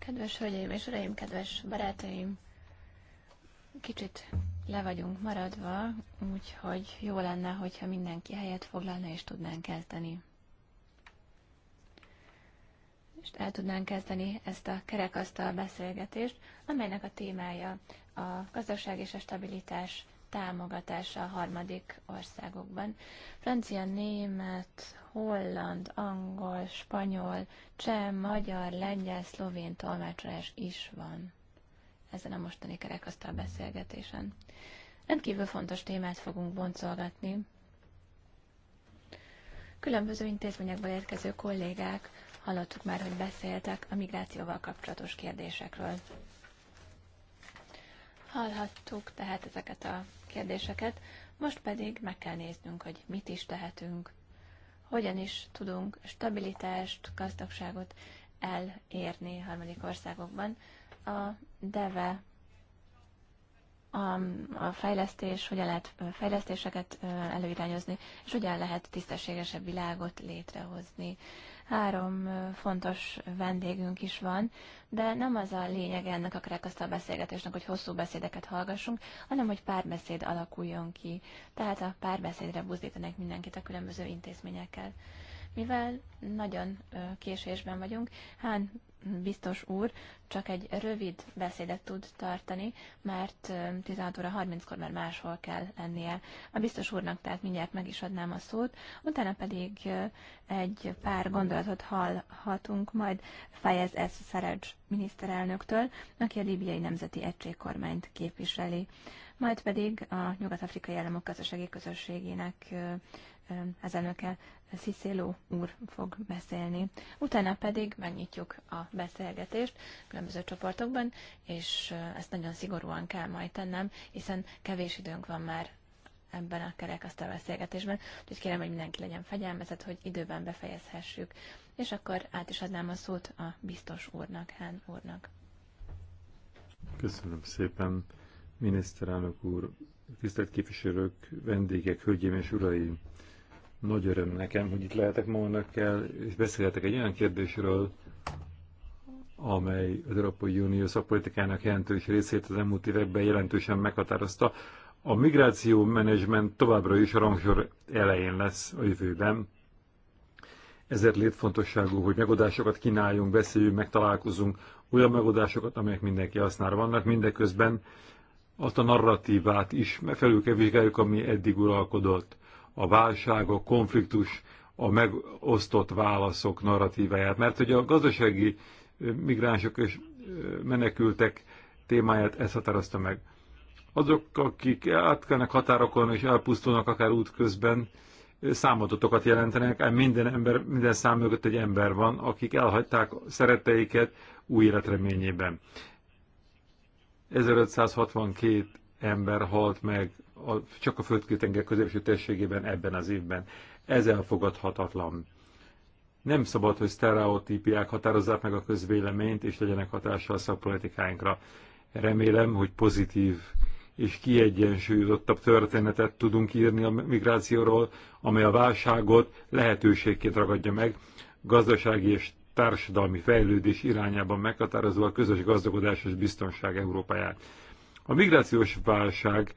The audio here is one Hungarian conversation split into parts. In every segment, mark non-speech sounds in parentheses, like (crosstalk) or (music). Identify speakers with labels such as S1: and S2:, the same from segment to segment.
S1: Kedves hölgyeim és uraim, kedves barátaim, kicsit le vagyunk maradva, úgyhogy jó lenne, hogyha mindenki helyet foglalna és tudnánk kezdeni. És el tudnánk kezdeni ezt a kerekasztal beszélgetést, amelynek a témája a gazdaság és a stabilitás támogatása a harmadik országokban. Francia, német, holland, angol, spanyol, cseh, magyar, lengyel, szlovén tolmácsolás is van ezen a mostani kerekasztal beszélgetésen. Rendkívül fontos témát fogunk boncolgatni. Különböző intézményekből érkező kollégák hallottuk már, hogy beszéltek a migrációval kapcsolatos kérdésekről. Hallhattuk tehát ezeket a kérdéseket, most pedig meg kell néznünk, hogy mit is tehetünk, hogyan is tudunk stabilitást, gazdagságot elérni harmadik országokban. A DEVE a, a fejlesztés, hogyan lehet fejlesztéseket előirányozni, és hogyan lehet tisztességesebb világot létrehozni három fontos vendégünk is van, de nem az a lényeg ennek a krekasztal beszélgetésnek, hogy hosszú beszédeket hallgassunk, hanem hogy párbeszéd alakuljon ki. Tehát a párbeszédre buzdítanak mindenkit a különböző intézményekkel. Mivel nagyon késésben vagyunk, Hán biztos úr csak egy rövid beszédet tud tartani, mert 16 óra 30-kor már máshol kell lennie. A biztos úrnak tehát mindjárt meg is adnám a szót, utána pedig egy pár gondolatot hallhatunk majd fejez S. Saraj miniszterelnöktől, aki a libiai nemzeti egységkormányt képviseli. Majd pedig a nyugat-afrikai államok Közösségi közösségének az elnöke Sziszéló úr fog beszélni. Utána pedig megnyitjuk a beszélgetést különböző csoportokban, és eh, ezt nagyon szigorúan kell majd tennem, hiszen kevés időnk van már ebben a kerekasztal beszélgetésben, úgyhogy kérem, hogy mindenki legyen fegyelmezett, hogy időben befejezhessük. És akkor át is adnám a szót a biztos úrnak, Hán úrnak.
S2: Köszönöm szépen, miniszterelnök úr, tisztelt képviselők, vendégek, hölgyeim és uraim! Nagy öröm nekem, hogy itt lehetek ma önökkel, és beszélhetek egy olyan kérdésről, amely az Európai Unió szakpolitikának jelentős részét az elmúlt években jelentősen meghatározta. A migráció menedzsment továbbra is a rangsor elején lesz a jövőben. Ezért létfontosságú, hogy megoldásokat kínáljunk, beszéljünk, megtalálkozunk, olyan megoldásokat, amelyek mindenki használ vannak, mindeközben azt a narratívát is felül kell vizsgáljuk, ami eddig uralkodott a válság, a konfliktus, a megosztott válaszok narratíváját. Mert hogy a gazdasági migránsok és menekültek témáját ezt határozta meg. Azok, akik átkelnek határokon és elpusztulnak akár útközben, számadatokat jelentenek, ám minden, ember, minden szám mögött egy ember van, akik elhagyták szeretteiket új életreményében. 1562 ember halt meg a, csak a földkültenger középső térségében ebben az évben. Ez elfogadhatatlan. Nem szabad, hogy sztereotípiák határozzák meg a közvéleményt, és legyenek hatással a szakpolitikáinkra. Remélem, hogy pozitív és kiegyensúlyozottabb történetet tudunk írni a migrációról, amely a válságot lehetőségként ragadja meg, gazdasági és társadalmi fejlődés irányában meghatározva a közös gazdagodás és biztonság Európáját. A migrációs válság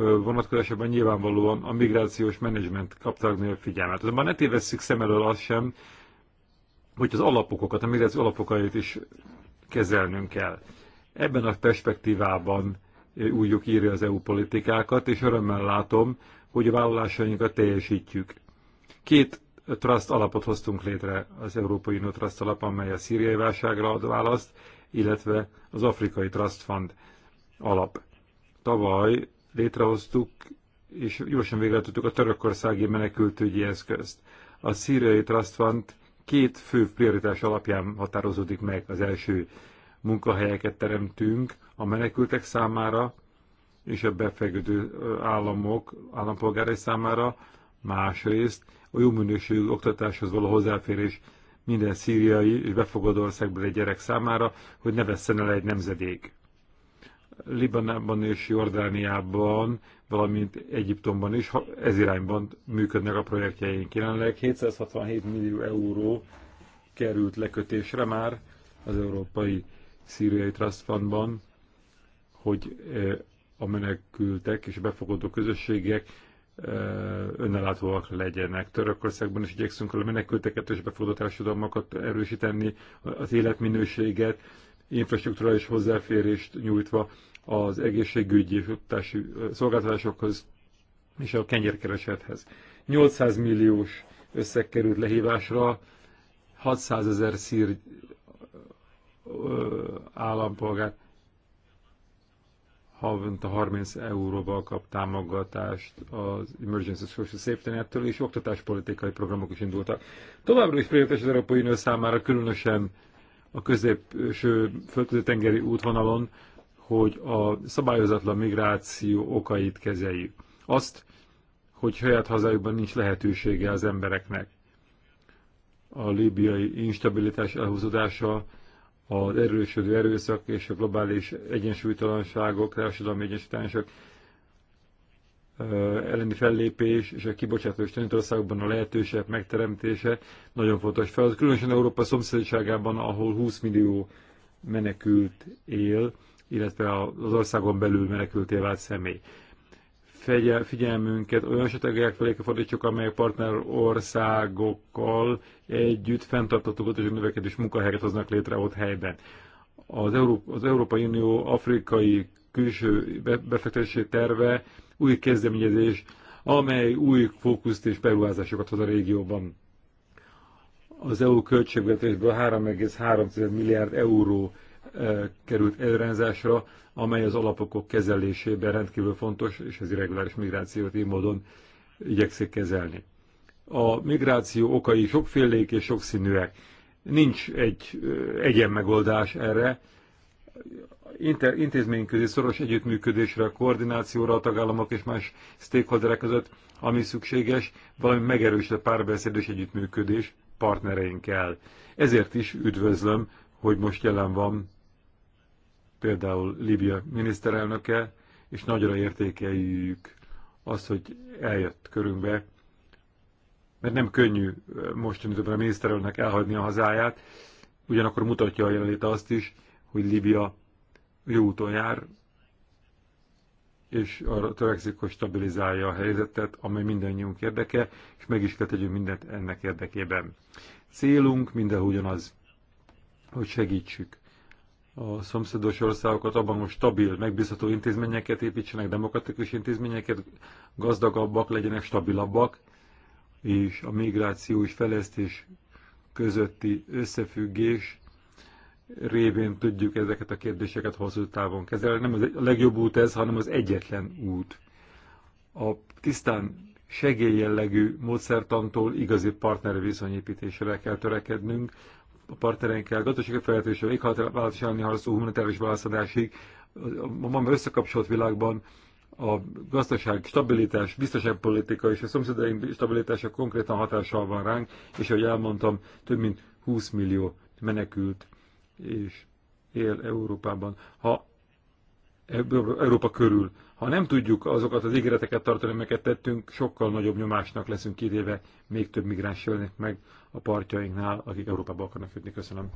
S2: vonatkozásában nyilvánvalóan a migrációs menedzsment kapta a figyelmet. Azonban ne tévesszük szem elől azt sem, hogy az alapokokat, a migráció alapokait is kezelnünk kell. Ebben a perspektívában újjuk írja az EU politikákat, és örömmel látom, hogy a vállalásainkat teljesítjük. Két trust alapot hoztunk létre, az Európai Unió Trust alap, amely a szíriai válságra ad választ, illetve az Afrikai Trust Fund alap. Tavaly létrehoztuk, és gyorsan végre tudtuk a törökországi menekültügyi eszközt. A szíriai Trust Fund két fő prioritás alapján határozódik meg. Az első munkahelyeket teremtünk a menekültek számára, és a befektető államok, állampolgárai számára, másrészt a jó minőségű oktatáshoz való hozzáférés minden szíriai és befogadó országból egy gyerek számára, hogy ne vesszen el egy nemzedék. Libanában és Jordániában, valamint Egyiptomban is ez irányban működnek a projektjeink. Jelenleg 767 millió euró került lekötésre már az Európai Szíriai Trust Fundban, hogy e, a menekültek és befogadó közösségek e, önállóak legyenek. Törökországban is igyekszünk a menekülteket és befogadó társadalmakat erősíteni, az életminőséget, infrastruktúrális hozzáférést nyújtva az egészségügyi és szolgáltatásokhoz és a kenyérkeresethez. 800 milliós összeg került lehívásra, 600 ezer szír állampolgár havonta 30 euróval kap támogatást az Emergency Social Safety Net-től, és oktatáspolitikai programok is indultak. Továbbra is prioritás az Európai Unió számára különösen a középső földközi tengeri útvonalon, hogy a szabályozatlan migráció okait kezeljük. Azt, hogy saját hazájukban nincs lehetősége az embereknek. A líbiai instabilitás elhúzódása, az erősödő erőszak és a globális egyensúlytalanságok, társadalmi egyensúlytalanságok elleni fellépés és a kibocsátós tanítországokban a lehetőségek megteremtése nagyon fontos feladat, különösen Európa szomszédságában, ahol 20 millió menekült él, illetve az országon belül menekülté vált személy. Fegyel, figyelmünket olyan esetek felé fordítsuk, amely partner országokkal együtt fenntartható és növekedés munkahelyeket hoznak létre ott helyben. Az, Európa, az Európai Unió afrikai külső befektetési terve új kezdeményezés, amely új fókuszt és beruházásokat hoz a régióban. Az EU költségvetésből 3,3 milliárd euró eh, került előrendzásra, amely az alapokok kezelésében rendkívül fontos, és az irreguláris migrációt így módon igyekszik kezelni. A migráció okai sokfélék és sokszínűek. Nincs egy eh, egyen megoldás erre intézményközi szoros együttműködésre, koordinációra a tagállamok és más stakeholderek között, ami szükséges, valami megerősített és együttműködés partnereinkkel. Ezért is üdvözlöm, hogy most jelen van például Libia miniszterelnöke, és nagyra értékeljük azt, hogy eljött körünkbe, mert nem könnyű most a miniszterelnök elhagyni a hazáját, ugyanakkor mutatja a jelenlét azt is, hogy Libia jó úton jár, és arra törekszik, hogy stabilizálja a helyzetet, amely mindannyiunk érdeke, és meg is kell tegyünk mindent ennek érdekében. Célunk minden ugyanaz, hogy segítsük a szomszédos országokat abban, hogy stabil, megbízható intézményeket építsenek, demokratikus intézményeket, gazdagabbak legyenek, stabilabbak, és a migráció és fejlesztés közötti összefüggés révén tudjuk ezeket a kérdéseket hosszú távon kezelni. Nem az a legjobb út ez, hanem az egyetlen út. A tisztán segélyjellegű módszertantól igazi partner viszonyépítésre kell törekednünk, a partnerenkkel, gazdasági felelősség, éghajlatváltozás elleni humanitárius válaszadásig, a ma összekapcsolt világban a gazdaság stabilitás, biztonságpolitika és a szomszédaink stabilitása konkrétan hatással van ránk, és ahogy elmondtam, több mint 20 millió menekült és él Európában, ha Európa körül, ha nem tudjuk azokat az ígéreteket tartani, amiket tettünk, sokkal nagyobb nyomásnak leszünk kitéve, még több migráns jönnek meg a partjainknál, akik Európába akarnak jutni. Köszönöm.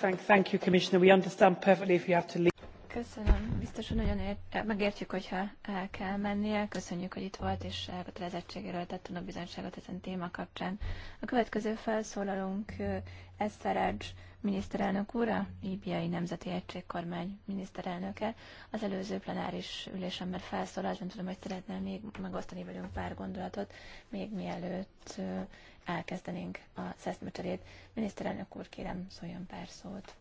S3: Thank, thank you, Commissioner. We understand perfectly if you have to leave.
S1: Köszönöm. Biztos, hogy nagyon ért, megértjük, hogyha el kell mennie. Köszönjük, hogy itt volt, és elkötelezettségéről tett a bizonyságot ezen téma kapcsán. A következő felszólalunk Eszerács miniszterelnök úra, Líbiai Nemzeti Egységkormány miniszterelnöke. Az előző plenáris ülésen már felszólalt, nem tudom, hogy szeretnél még megosztani velünk pár gondolatot, még mielőtt elkezdenénk a szeszmecserét. Miniszterelnök úr, kérem, szóljon pár szót.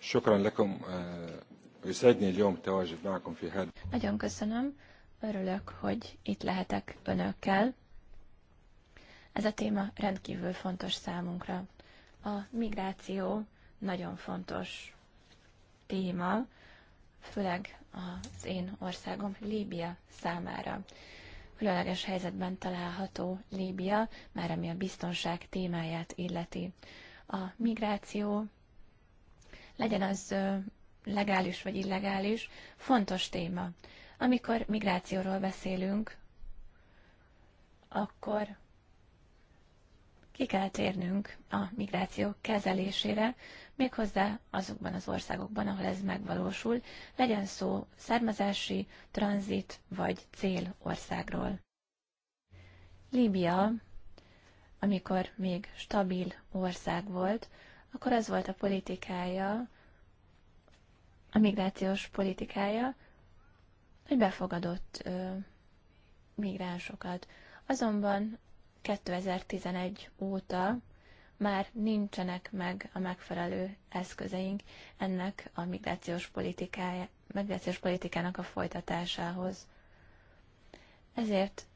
S1: Eh, nagyon köszönöm. Örülök, hogy itt lehetek önökkel. Ez a téma rendkívül fontos számunkra. A migráció nagyon fontos téma, főleg az én országom Líbia számára. Különleges helyzetben található Líbia, már ami a biztonság témáját illeti. A migráció legyen az legális vagy illegális, fontos téma. Amikor migrációról beszélünk, akkor ki kell térnünk a migráció kezelésére, méghozzá azokban az országokban, ahol ez megvalósul, legyen szó származási, tranzit vagy cél országról. Líbia, amikor még stabil ország volt, akkor az volt a politikája, a migrációs politikája, hogy befogadott ö, migránsokat. Azonban 2011 óta már nincsenek meg a megfelelő eszközeink ennek a migrációs, politikája, migrációs politikának a folytatásához. Ezért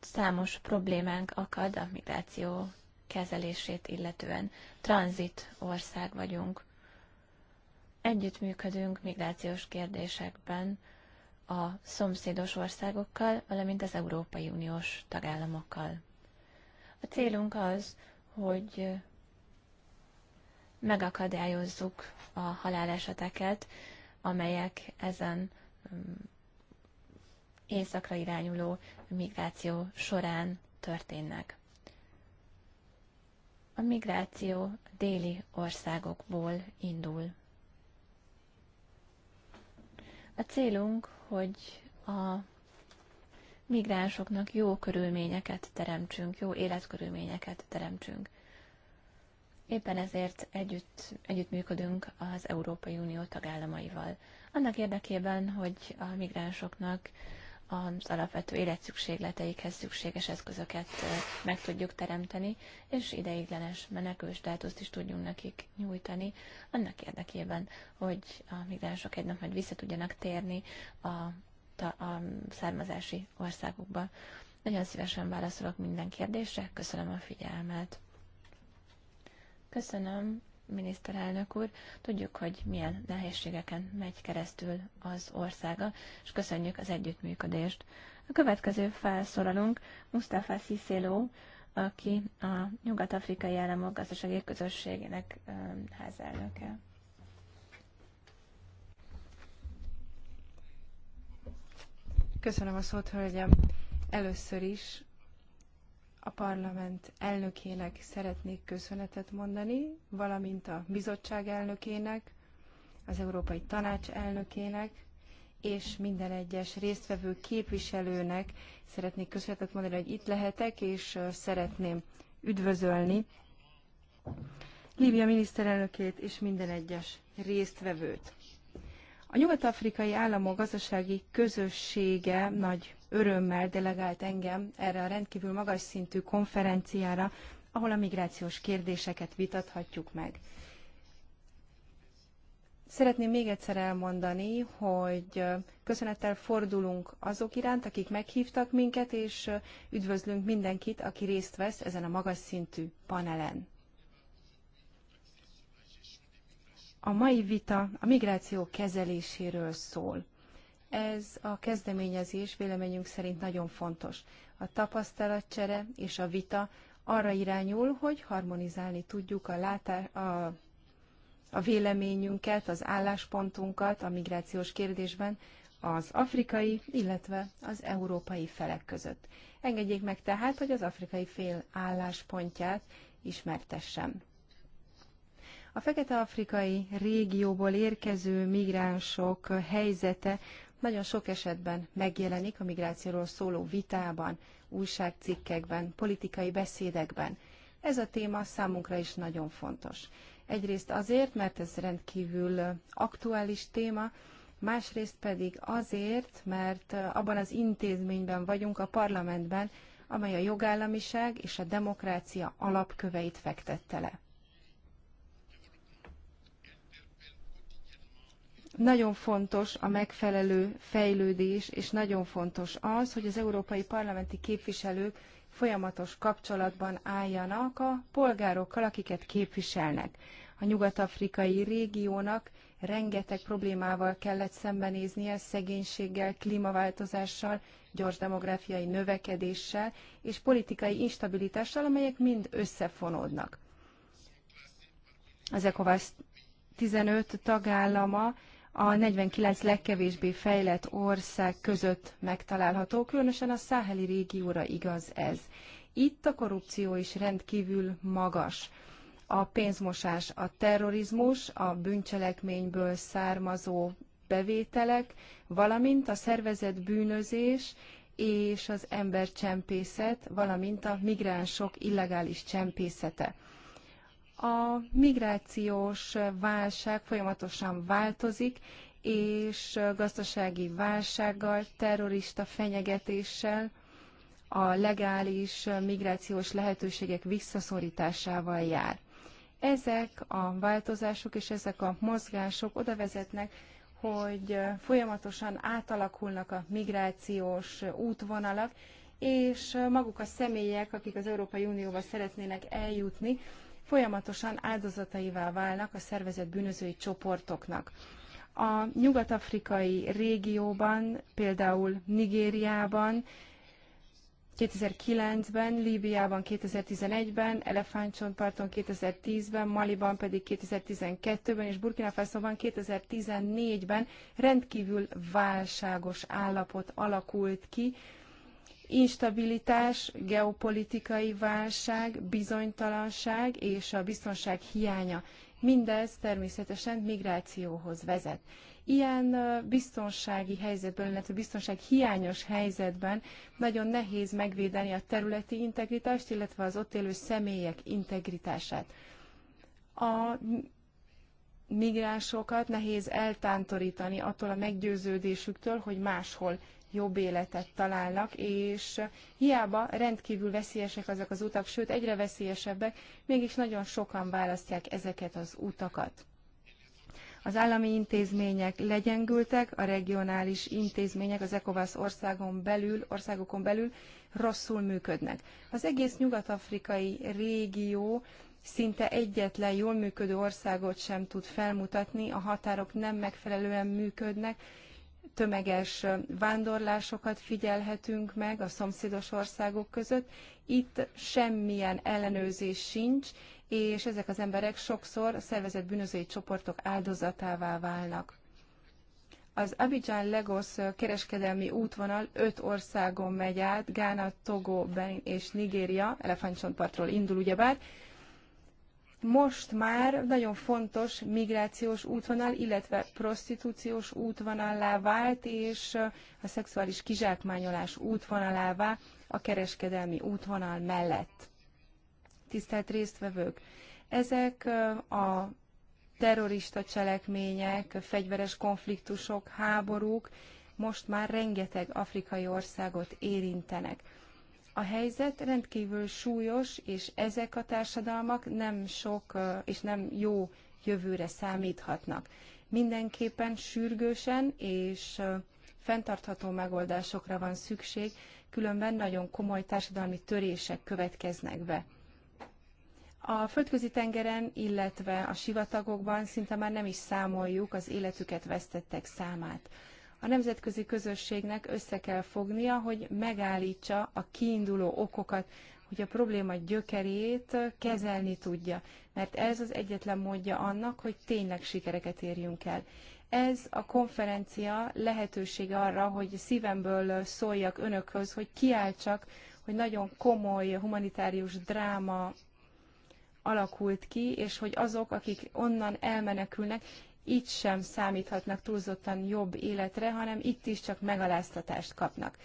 S1: számos problémánk akad a migráció kezelését illetően. Tranzit ország vagyunk. Együttműködünk migrációs kérdésekben a szomszédos országokkal, valamint az Európai Uniós tagállamokkal. A célunk az, hogy megakadályozzuk a haláleseteket, amelyek ezen mm, északra irányuló migráció során történnek a migráció déli országokból indul. A célunk, hogy a migránsoknak jó körülményeket teremtsünk, jó életkörülményeket teremtsünk. Éppen ezért együtt, együttműködünk az Európai Unió tagállamaival. Annak érdekében, hogy a migránsoknak az alapvető életszükségleteikhez szükséges eszközöket meg tudjuk teremteni, és ideiglenes státuszt is tudjunk nekik nyújtani, annak érdekében, hogy a migránsok egy nap majd vissza tudjanak térni a, a származási országukba. Nagyon szívesen válaszolok minden kérdésre, köszönöm a figyelmet. Köszönöm miniszterelnök úr. Tudjuk, hogy milyen nehézségeken megy keresztül az országa, és köszönjük az együttműködést. A következő felszólalunk Mustafa Sziszéló, aki a Nyugat-Afrikai Államok Gazdasági Közösségének házelnöke.
S3: Köszönöm a szót, hölgyem. Először is Parlament elnökének szeretnék köszönetet mondani, valamint a bizottság elnökének, az Európai Tanács elnökének, és minden egyes résztvevő képviselőnek szeretnék köszönetet mondani, hogy itt lehetek, és szeretném üdvözölni Líbia miniszterelnökét és minden egyes résztvevőt. A nyugat-afrikai államok gazdasági közössége nagy örömmel delegált engem erre a rendkívül magas szintű konferenciára, ahol a migrációs kérdéseket vitathatjuk meg. Szeretném még egyszer elmondani, hogy köszönettel fordulunk azok iránt, akik meghívtak minket, és üdvözlünk mindenkit, aki részt vesz ezen a magas szintű panelen. A mai vita a migráció kezeléséről szól. Ez a kezdeményezés véleményünk szerint nagyon fontos. A tapasztalatcsere és a vita arra irányul, hogy harmonizálni tudjuk a, látá- a, a véleményünket, az álláspontunkat a migrációs kérdésben az afrikai, illetve az európai felek között. Engedjék meg tehát, hogy az afrikai fél álláspontját ismertessem. A fekete-afrikai régióból érkező migránsok helyzete nagyon sok esetben megjelenik a migrációról szóló vitában, újságcikkekben, politikai beszédekben. Ez a téma számunkra is nagyon fontos. Egyrészt azért, mert ez rendkívül aktuális téma, másrészt pedig azért, mert abban az intézményben vagyunk, a parlamentben, amely a jogállamiság és a demokrácia alapköveit fektette le. Nagyon fontos a megfelelő fejlődés, és nagyon fontos az, hogy az európai parlamenti képviselők folyamatos kapcsolatban álljanak a polgárokkal, akiket képviselnek. A nyugat-afrikai régiónak rengeteg problémával kellett szembenéznie, szegénységgel, klímaváltozással, gyors demográfiai növekedéssel és politikai instabilitással, amelyek mind összefonódnak. Az ECOWAS 15 tagállama a 49 legkevésbé fejlett ország között megtalálható, különösen a száheli régióra igaz ez. Itt a korrupció is rendkívül magas. A pénzmosás, a terrorizmus, a bűncselekményből származó bevételek, valamint a szervezett bűnözés és az embercsempészet, valamint a migránsok illegális csempészete. A migrációs válság folyamatosan változik, és gazdasági válsággal, terrorista fenyegetéssel, a legális migrációs lehetőségek visszaszorításával jár. Ezek a változások és ezek a mozgások oda vezetnek, hogy folyamatosan átalakulnak a migrációs útvonalak, és maguk a személyek, akik az Európai Unióba szeretnének eljutni, folyamatosan áldozataivá válnak a szervezett bűnözői csoportoknak. A nyugat-afrikai régióban, például Nigériában, 2009-ben, Líbiában 2011-ben, Elefántcsontparton 2010-ben, Maliban pedig 2012-ben és Burkina Faso-ban 2014-ben rendkívül válságos állapot alakult ki, instabilitás, geopolitikai válság, bizonytalanság és a biztonság hiánya. Mindez természetesen migrációhoz vezet. Ilyen biztonsági helyzetben, illetve biztonság hiányos helyzetben nagyon nehéz megvédeni a területi integritást, illetve az ott élő személyek integritását. A migránsokat nehéz eltántorítani attól a meggyőződésüktől, hogy máshol jobb életet találnak, és hiába rendkívül veszélyesek azok az utak, sőt egyre veszélyesebbek, mégis nagyon sokan választják ezeket az utakat. Az állami intézmények legyengültek, a regionális intézmények az ECOWAS országon belül, országokon belül rosszul működnek. Az egész nyugat-afrikai régió szinte egyetlen jól működő országot sem tud felmutatni, a határok nem megfelelően működnek, tömeges vándorlásokat figyelhetünk meg a szomszédos országok között. Itt semmilyen ellenőrzés sincs, és ezek az emberek sokszor a szervezett bűnözői csoportok áldozatává válnak. Az Abidjan Legos kereskedelmi útvonal öt országon megy át, Gána, Togo, Benin és Nigéria, elefántcsontpartról indul ugyebár, most már nagyon fontos migrációs útvonal, illetve prostitúciós útvonallá vált, és a szexuális kizsákmányolás útvonalává a kereskedelmi útvonal mellett. Tisztelt résztvevők, ezek a terrorista cselekmények, fegyveres konfliktusok, háborúk most már rengeteg afrikai országot érintenek a helyzet rendkívül súlyos, és ezek a társadalmak nem sok és nem jó jövőre számíthatnak. Mindenképpen sürgősen és fenntartható megoldásokra van szükség, különben nagyon komoly társadalmi törések következnek be. A földközi tengeren, illetve a sivatagokban szinte már nem is számoljuk az életüket vesztettek számát. A nemzetközi közösségnek össze kell fognia, hogy megállítsa a kiinduló okokat, hogy a probléma gyökerét kezelni tudja, mert ez az egyetlen módja annak, hogy tényleg sikereket érjünk el. Ez a konferencia lehetőség arra, hogy szívemből szóljak önökhöz, hogy kiáltsak, hogy nagyon komoly humanitárius dráma alakult ki, és hogy azok, akik onnan elmenekülnek, itt sem számíthatnak túlzottan jobb életre, hanem itt is csak megaláztatást kapnak.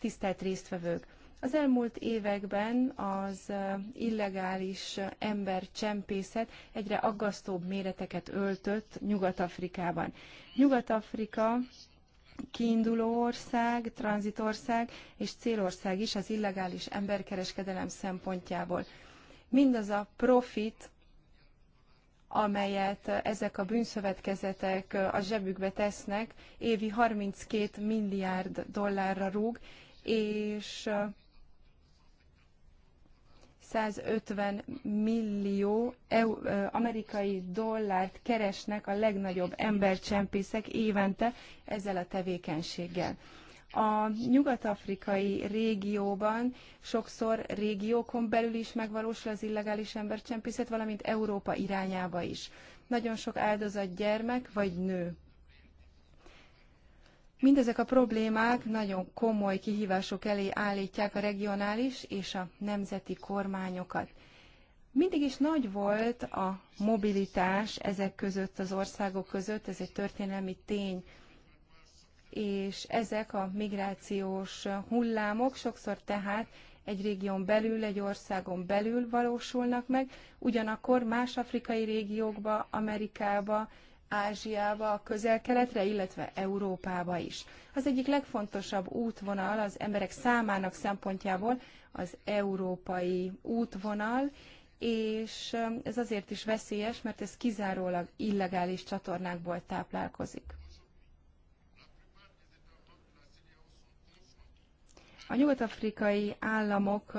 S3: Tisztelt résztvevők! Az elmúlt években az illegális embercsempészet egyre aggasztóbb méreteket öltött Nyugat-Afrikában. Nyugat-Afrika kiinduló ország, tranzitország és célország is az illegális emberkereskedelem szempontjából. Mindaz a profit, amelyet ezek a bűnszövetkezetek a zsebükbe tesznek, évi 32 milliárd dollárra rúg, és 150 millió EU, amerikai dollárt keresnek a legnagyobb embercsempészek évente ezzel a tevékenységgel a nyugat-afrikai régióban sokszor régiókon belül is megvalósul az illegális embercsempészet, valamint Európa irányába is. Nagyon sok áldozat gyermek vagy nő. Mindezek a problémák nagyon komoly kihívások elé állítják a regionális és a nemzeti kormányokat. Mindig is nagy volt a mobilitás ezek között, az országok között, ez egy történelmi tény és ezek a migrációs hullámok sokszor tehát egy régión belül, egy országon belül valósulnak meg, ugyanakkor más afrikai régiókba, Amerikába, Ázsiába, a közel-keletre, illetve Európába is. Az egyik legfontosabb útvonal az emberek számának szempontjából az európai útvonal, és um, ez azért is veszélyes, mert ez kizárólag illegális csatornákból táplálkozik. A nyugat-afrikai államok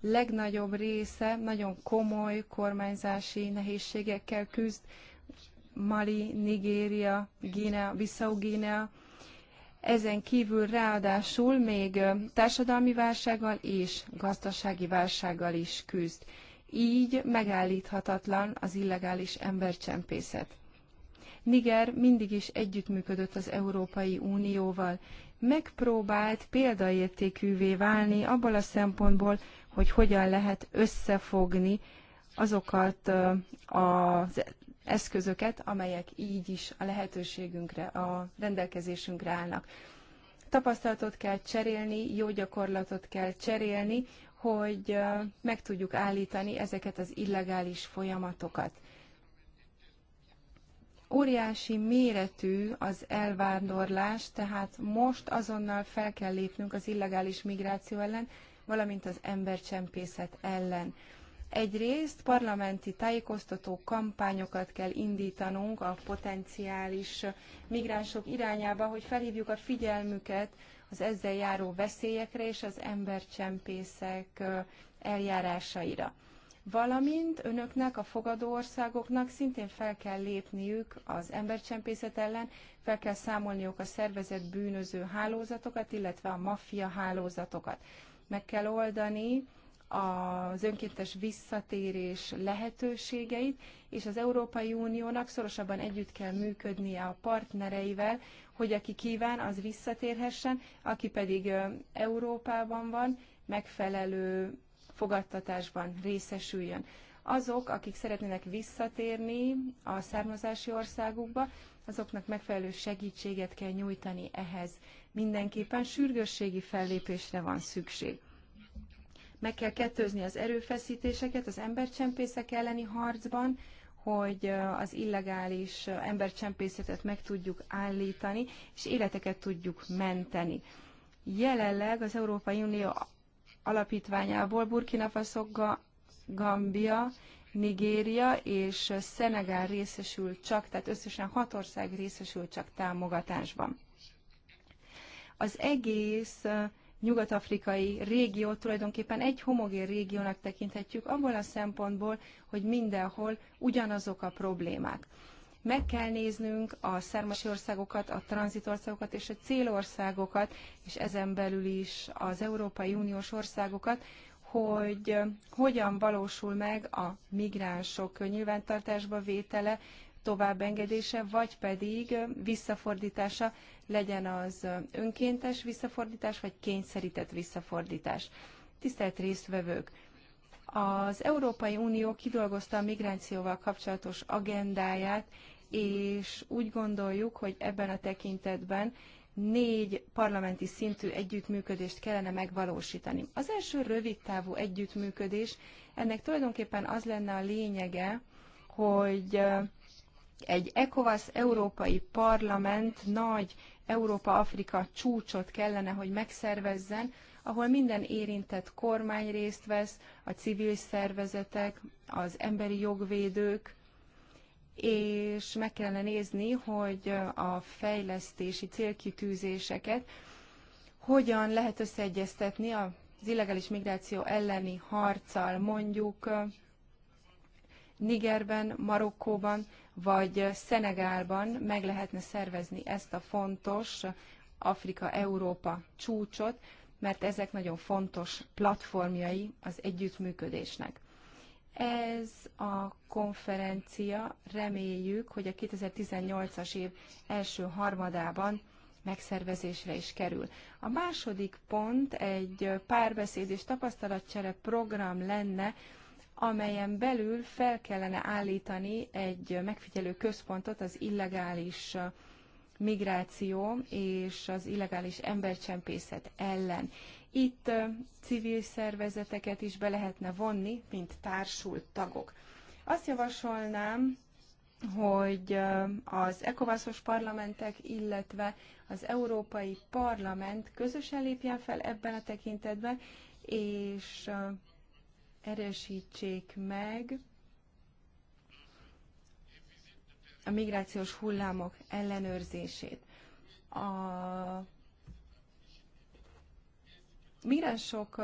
S3: legnagyobb része nagyon komoly kormányzási nehézségekkel küzd, Mali, Nigéria, Guinea, Bissau Guinea, ezen kívül ráadásul még társadalmi válsággal és gazdasági válsággal is küzd. Így megállíthatatlan az illegális embercsempészet. Niger mindig is együttműködött az Európai Unióval, megpróbált példaértékűvé válni abból a szempontból, hogy hogyan lehet összefogni azokat az eszközöket, amelyek így is a lehetőségünkre, a rendelkezésünkre állnak. Tapasztalatot kell cserélni, jó gyakorlatot kell cserélni, hogy meg tudjuk állítani ezeket az illegális folyamatokat. Óriási méretű az elvándorlás, tehát most azonnal fel kell lépnünk az illegális migráció ellen, valamint az embercsempészet ellen. Egyrészt parlamenti tájékoztató kampányokat kell indítanunk a potenciális migránsok irányába, hogy felhívjuk a figyelmüket az ezzel járó veszélyekre és az embercsempészek eljárásaira valamint önöknek, a fogadó országoknak szintén fel kell lépniük az embercsempészet ellen, fel kell számolniuk a szervezet bűnöző hálózatokat, illetve a maffia hálózatokat. Meg kell oldani az önkéntes visszatérés lehetőségeit, és az Európai Uniónak szorosabban együtt kell működnie a partnereivel, hogy aki kíván, az visszatérhessen, aki pedig Európában van, megfelelő fogadtatásban részesüljön. Azok, akik szeretnének visszatérni a származási országukba, azoknak megfelelő segítséget kell nyújtani ehhez. Mindenképpen sürgősségi fellépésre van szükség. Meg kell kettőzni az erőfeszítéseket az embercsempészek elleni harcban, hogy az illegális embercsempészetet meg tudjuk állítani, és életeket tudjuk menteni. Jelenleg az Európai Unió alapítványából Burkina Faso, Gambia, Nigéria és Szenegál részesül csak, tehát összesen hat ország részesül csak támogatásban. Az egész nyugat-afrikai régiót tulajdonképpen egy homogén régiónak tekinthetjük, abból a szempontból, hogy mindenhol ugyanazok a problémák. Meg kell néznünk a származási országokat, a tranzitországokat és a célországokat, és ezen belül is az Európai Uniós országokat, hogy hogyan valósul meg a migránsok nyilvántartásba vétele, továbbengedése, vagy pedig visszafordítása, legyen az önkéntes visszafordítás, vagy kényszerített visszafordítás. Tisztelt résztvevők! Az Európai Unió kidolgozta a migrációval kapcsolatos agendáját, és úgy gondoljuk, hogy ebben a tekintetben négy parlamenti szintű együttműködést kellene megvalósítani. Az első rövidtávú együttműködés, ennek tulajdonképpen az lenne a lényege, hogy egy ECOWAS Európai Parlament nagy Európa-Afrika csúcsot kellene, hogy megszervezzen, ahol minden érintett kormány részt vesz, a civil szervezetek, az emberi jogvédők, és meg kellene nézni, hogy a fejlesztési célkitűzéseket hogyan lehet összeegyeztetni az illegális migráció elleni harccal, mondjuk Nigerben, Marokkóban vagy Szenegálban meg lehetne szervezni ezt a fontos Afrika-Európa csúcsot, mert ezek nagyon fontos platformjai az együttműködésnek. Ez a konferencia reméljük, hogy a 2018-as év első harmadában megszervezésre is kerül. A második pont egy párbeszéd és tapasztalatcsere program lenne, amelyen belül fel kellene állítani egy megfigyelő központot az illegális migráció és az illegális embercsempészet ellen. Itt civil szervezeteket is be lehetne vonni, mint társult tagok. Azt javasolnám, hogy az ecowas parlamentek, illetve az Európai Parlament közösen lépjen fel ebben a tekintetben, és erősítsék meg a migrációs hullámok ellenőrzését. A migránsok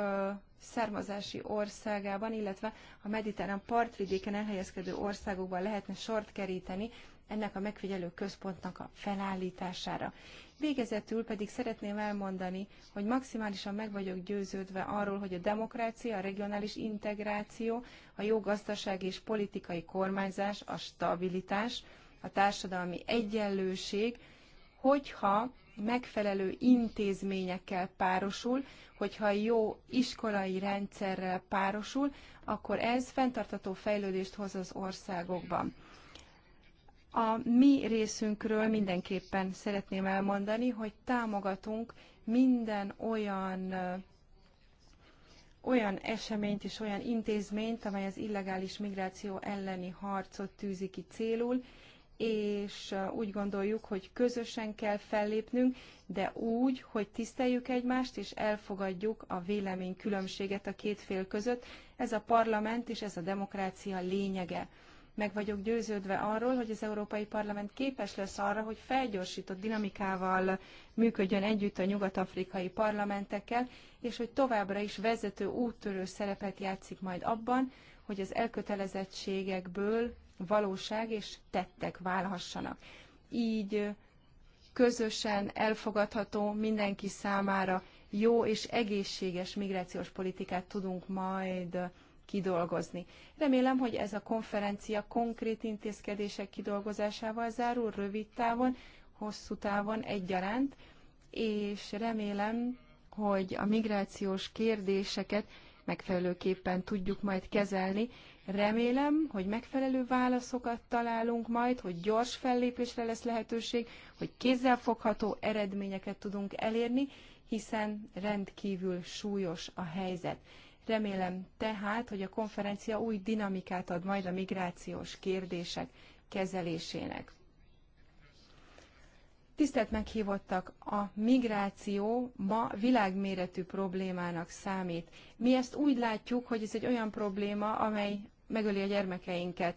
S3: származási országában, illetve a mediterrán partvidéken elhelyezkedő országokban lehetne sort keríteni ennek a megfigyelő központnak a felállítására. Végezetül pedig szeretném elmondani, hogy maximálisan meg vagyok győződve arról, hogy a demokrácia, a regionális integráció, a jó gazdaság és politikai kormányzás, a stabilitás, a társadalmi egyenlőség, hogyha megfelelő intézményekkel párosul, hogyha jó iskolai rendszerrel párosul, akkor ez fenntartató fejlődést hoz az országokban. A mi részünkről mindenképpen szeretném elmondani, hogy támogatunk minden olyan olyan eseményt és olyan intézményt, amely az illegális migráció elleni harcot tűzi ki célul, és úgy gondoljuk, hogy közösen kell fellépnünk, de úgy, hogy tiszteljük egymást, és elfogadjuk a vélemény különbséget a két fél között. Ez a parlament és ez a demokrácia lényege. Meg vagyok győződve arról, hogy az Európai Parlament képes lesz arra, hogy felgyorsított dinamikával működjön együtt a nyugat-afrikai parlamentekkel, és hogy továbbra is vezető úttörő szerepet játszik majd abban, hogy az elkötelezettségekből valóság és tettek válhassanak. Így közösen elfogadható mindenki számára jó és egészséges migrációs politikát tudunk majd kidolgozni. Remélem, hogy ez a konferencia konkrét intézkedések kidolgozásával zárul, rövid távon, hosszú távon egyaránt, és remélem, hogy a migrációs kérdéseket megfelelőképpen tudjuk majd kezelni, Remélem, hogy megfelelő válaszokat találunk majd, hogy gyors fellépésre lesz lehetőség, hogy kézzelfogható eredményeket tudunk elérni, hiszen rendkívül súlyos a helyzet. Remélem tehát, hogy a konferencia új dinamikát ad majd a migrációs kérdések kezelésének. Tisztelt meghívottak, a migráció ma világméretű problémának számít. Mi ezt úgy látjuk, hogy ez egy olyan probléma, amely megöli a gyermekeinket.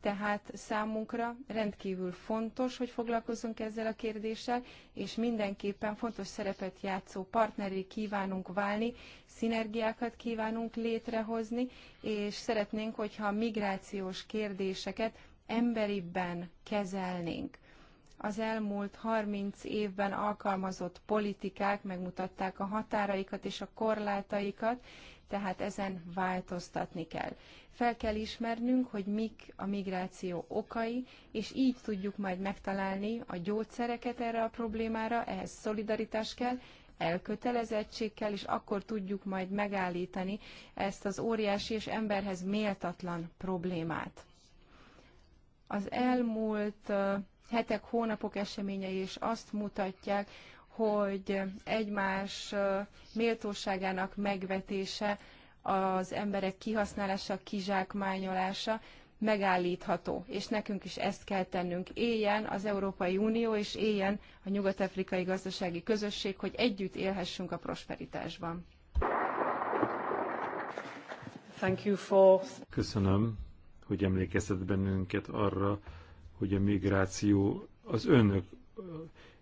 S3: Tehát számunkra rendkívül fontos, hogy foglalkozzunk ezzel a kérdéssel, és mindenképpen fontos szerepet játszó partneri kívánunk válni, szinergiákat kívánunk létrehozni, és szeretnénk, hogyha migrációs kérdéseket emberibben kezelnénk. Az elmúlt 30 évben alkalmazott politikák megmutatták a határaikat és a korlátaikat, tehát ezen változtatni kell. Fel kell ismernünk, hogy mik a migráció okai, és így tudjuk majd megtalálni a gyógyszereket erre a problémára, ehhez szolidaritás kell, elkötelezettség kell, és akkor tudjuk majd megállítani ezt az óriási és emberhez méltatlan problémát. Az elmúlt hetek, hónapok eseményei is azt mutatják, hogy egymás méltóságának megvetése, az emberek kihasználása, kizsákmányolása megállítható, és nekünk is ezt kell tennünk. Éljen az Európai Unió, és éljen a nyugat-afrikai gazdasági közösség, hogy együtt élhessünk a prosperitásban. Thank you for...
S2: Köszönöm, hogy emlékeztet bennünket arra, hogy a migráció az önök eh,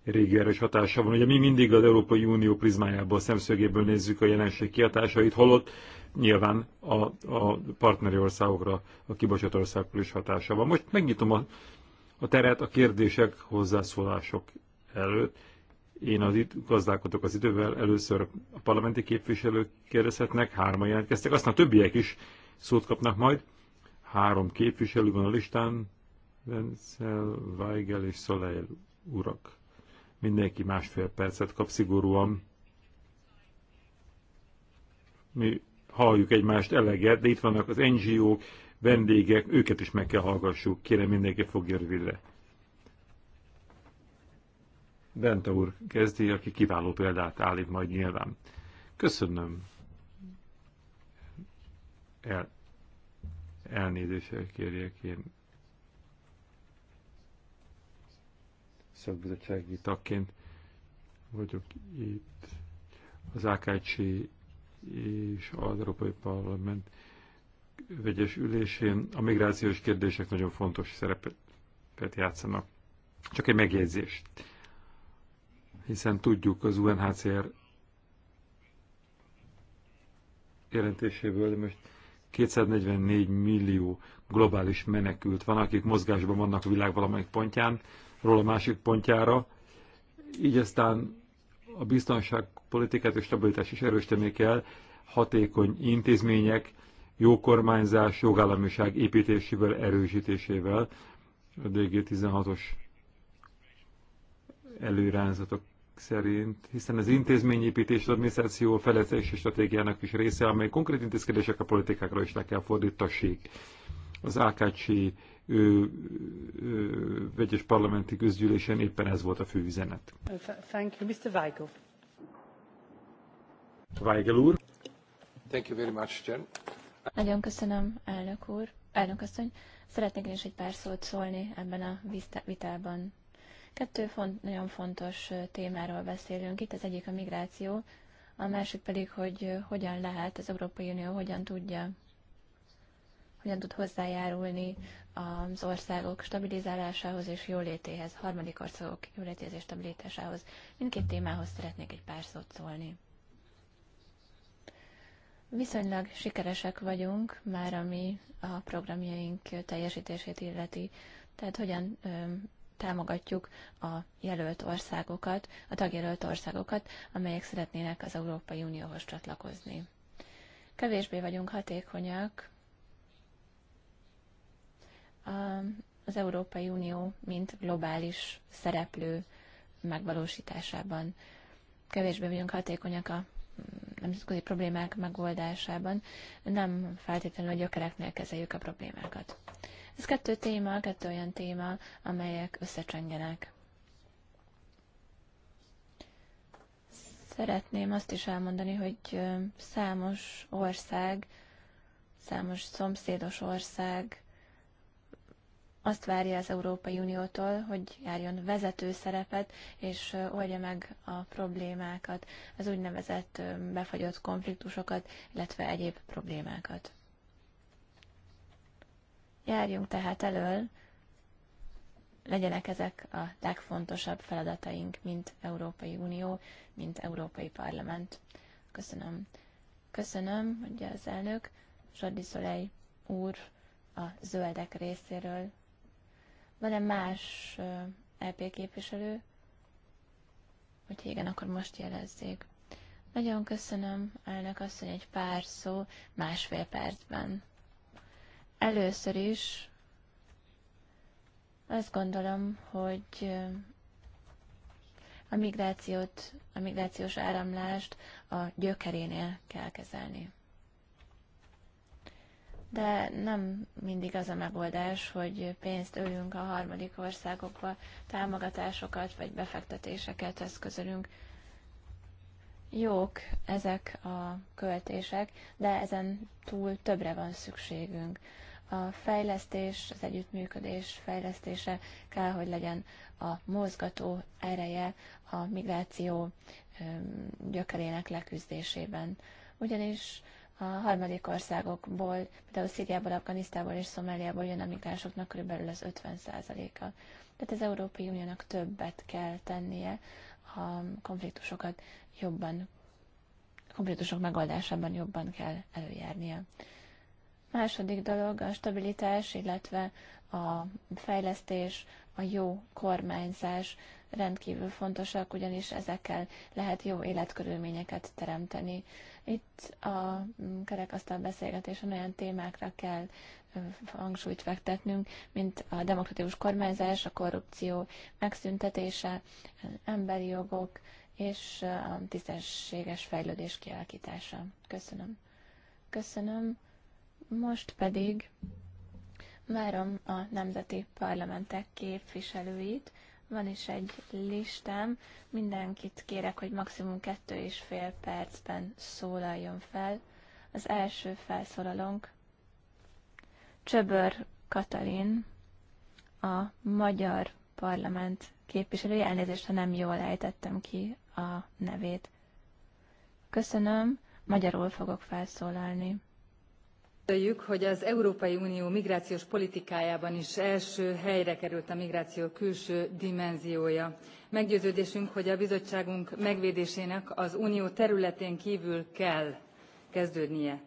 S2: régi erős hatása van. Ugye mi mindig az Európai Unió prizmájából, szemszögéből nézzük a jelenség kihatásait, holott nyilván a, a partneri országokra, a kibocsát országokra is hatása van. Most megnyitom a, a teret a kérdések, hozzászólások előtt. Én az itt gazdálkodok az idővel, először a parlamenti képviselők kérdezhetnek, hárma jelentkeztek, aztán a többiek is szót kapnak majd. Három képviselő van a listán, Wenzel, Weigel és Soleil urak. Mindenki másfél percet kap szigorúan. Mi halljuk egymást eleget, de itt vannak az NGO-k, vendégek, őket is meg kell hallgassuk. Kérem, mindenki fogja rövidre. Benta úr kezdi, aki kiváló példát állít majd nyilván. Köszönöm. El, elnézéssel kérjek én szakbizottsági tagként vagyok itt. Az AKC és az Európai Parlament vegyes ülésén a migrációs kérdések nagyon fontos szerepet játszanak. Csak egy megjegyzés. Hiszen tudjuk az UNHCR jelentéséből, most 244 millió globális menekült van, akik mozgásban vannak a világ valamelyik pontján, ról a másik pontjára, így aztán a biztonságpolitikát és stabilitást is erősíteni kell, hatékony intézmények, jó kormányzás, jogállamiság építésével, erősítésével, a DG16-os előrányzatok szerint, hiszen az intézményépítés, az adminisztráció fejlesztési stratégiának is része, amely konkrét intézkedések a politikákra is le kell fordítassék. Az Ákácsi ő, ő, vegyes parlamenti közgyűlésen éppen ez volt a fő üzenet.
S4: Thank you, Mr. Weigel.
S2: Weigel úr. Thank you very much, Jen.
S1: Nagyon köszönöm, elnök úr, elnök asszony. Szeretnék én is egy pár szót szólni ebben a vitában. Kettő font, nagyon fontos témáról beszélünk itt, az egyik a migráció, a másik pedig, hogy hogyan lehet, az Európai Unió hogyan tudja hogyan tud hozzájárulni az országok stabilizálásához és jólétéhez, harmadik országok jólétéhez és stabilitásához. Mindkét témához szeretnék egy pár szót szólni. Viszonylag sikeresek vagyunk már, ami a programjaink teljesítését illeti. Tehát hogyan ö, támogatjuk a jelölt országokat, a tagjelölt országokat, amelyek szeretnének az Európai Unióhoz csatlakozni. Kevésbé vagyunk hatékonyak az Európai Unió, mint globális szereplő megvalósításában. Kevésbé vagyunk hatékonyak a nemzetközi problémák megoldásában, nem feltétlenül a gyökereknél kezeljük a problémákat. Ez kettő téma, kettő olyan téma, amelyek összecsengenek. Szeretném azt is elmondani, hogy számos ország, számos szomszédos ország azt várja az Európai Uniótól, hogy járjon vezető szerepet, és oldja meg a problémákat, az úgynevezett befagyott konfliktusokat, illetve egyéb problémákat. Járjunk tehát elől, legyenek ezek a legfontosabb feladataink, mint Európai Unió, mint Európai Parlament. Köszönöm. Köszönöm, hogy az elnök, Jordi Soleil úr a zöldek részéről van-e más LP e képviselő? Hogyha igen, akkor most jelezzék. Nagyon köszönöm, elnök asszony, egy pár szó másfél percben. Először is azt gondolom, hogy a migrációt, a migrációs áramlást a gyökerénél kell kezelni de nem mindig az a megoldás, hogy pénzt öljünk a harmadik országokba, támogatásokat vagy befektetéseket eszközölünk. Jók ezek a költések, de ezen túl többre van szükségünk. A fejlesztés, az együttműködés fejlesztése kell, hogy legyen a mozgató ereje a migráció gyökerének leküzdésében. Ugyanis a harmadik országokból, például Szíriából, Afganisztából és Szomáliából jön a migránsoknak körülbelül az 50%-a. Tehát az Európai Uniónak többet kell tennie a konfliktusokat jobban, konfliktusok megoldásában jobban kell előjárnia. Második dolog a stabilitás, illetve a fejlesztés, a jó kormányzás rendkívül fontosak, ugyanis ezekkel lehet jó életkörülményeket teremteni. Itt a kerekasztal beszélgetésen olyan témákra kell hangsúlyt fektetnünk, mint a demokratikus kormányzás, a korrupció megszüntetése, emberi jogok és a tisztességes fejlődés kialakítása. Köszönöm. Köszönöm. Most pedig várom a nemzeti parlamentek képviselőit, van is egy listám, mindenkit kérek, hogy maximum kettő és fél percben szólaljon fel. Az első felszólalónk Csöbör Katalin, a magyar parlament képviselője. Elnézést, ha nem jól ejtettem ki a nevét. Köszönöm, magyarul fogok felszólalni. Köszönjük,
S4: hogy az Európai Unió migrációs politikájában is első helyre került a migráció külső dimenziója. Meggyőződésünk, hogy a bizottságunk megvédésének az unió területén kívül kell kezdődnie.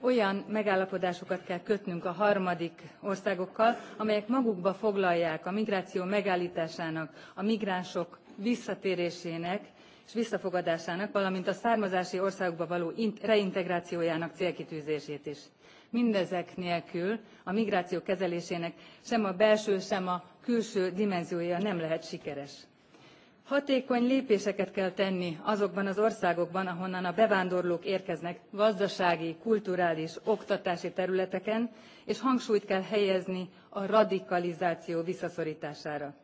S4: Olyan megállapodásokat kell kötnünk a harmadik országokkal, amelyek magukba foglalják a migráció megállításának, a migránsok visszatérésének és visszafogadásának, valamint a származási országokba való reintegrációjának célkitűzését is mindezek nélkül a migráció kezelésének sem a belső, sem a külső dimenziója nem lehet sikeres. Hatékony lépéseket kell tenni azokban az országokban, ahonnan a bevándorlók érkeznek gazdasági, kulturális, oktatási területeken, és hangsúlyt kell helyezni a radikalizáció visszaszorítására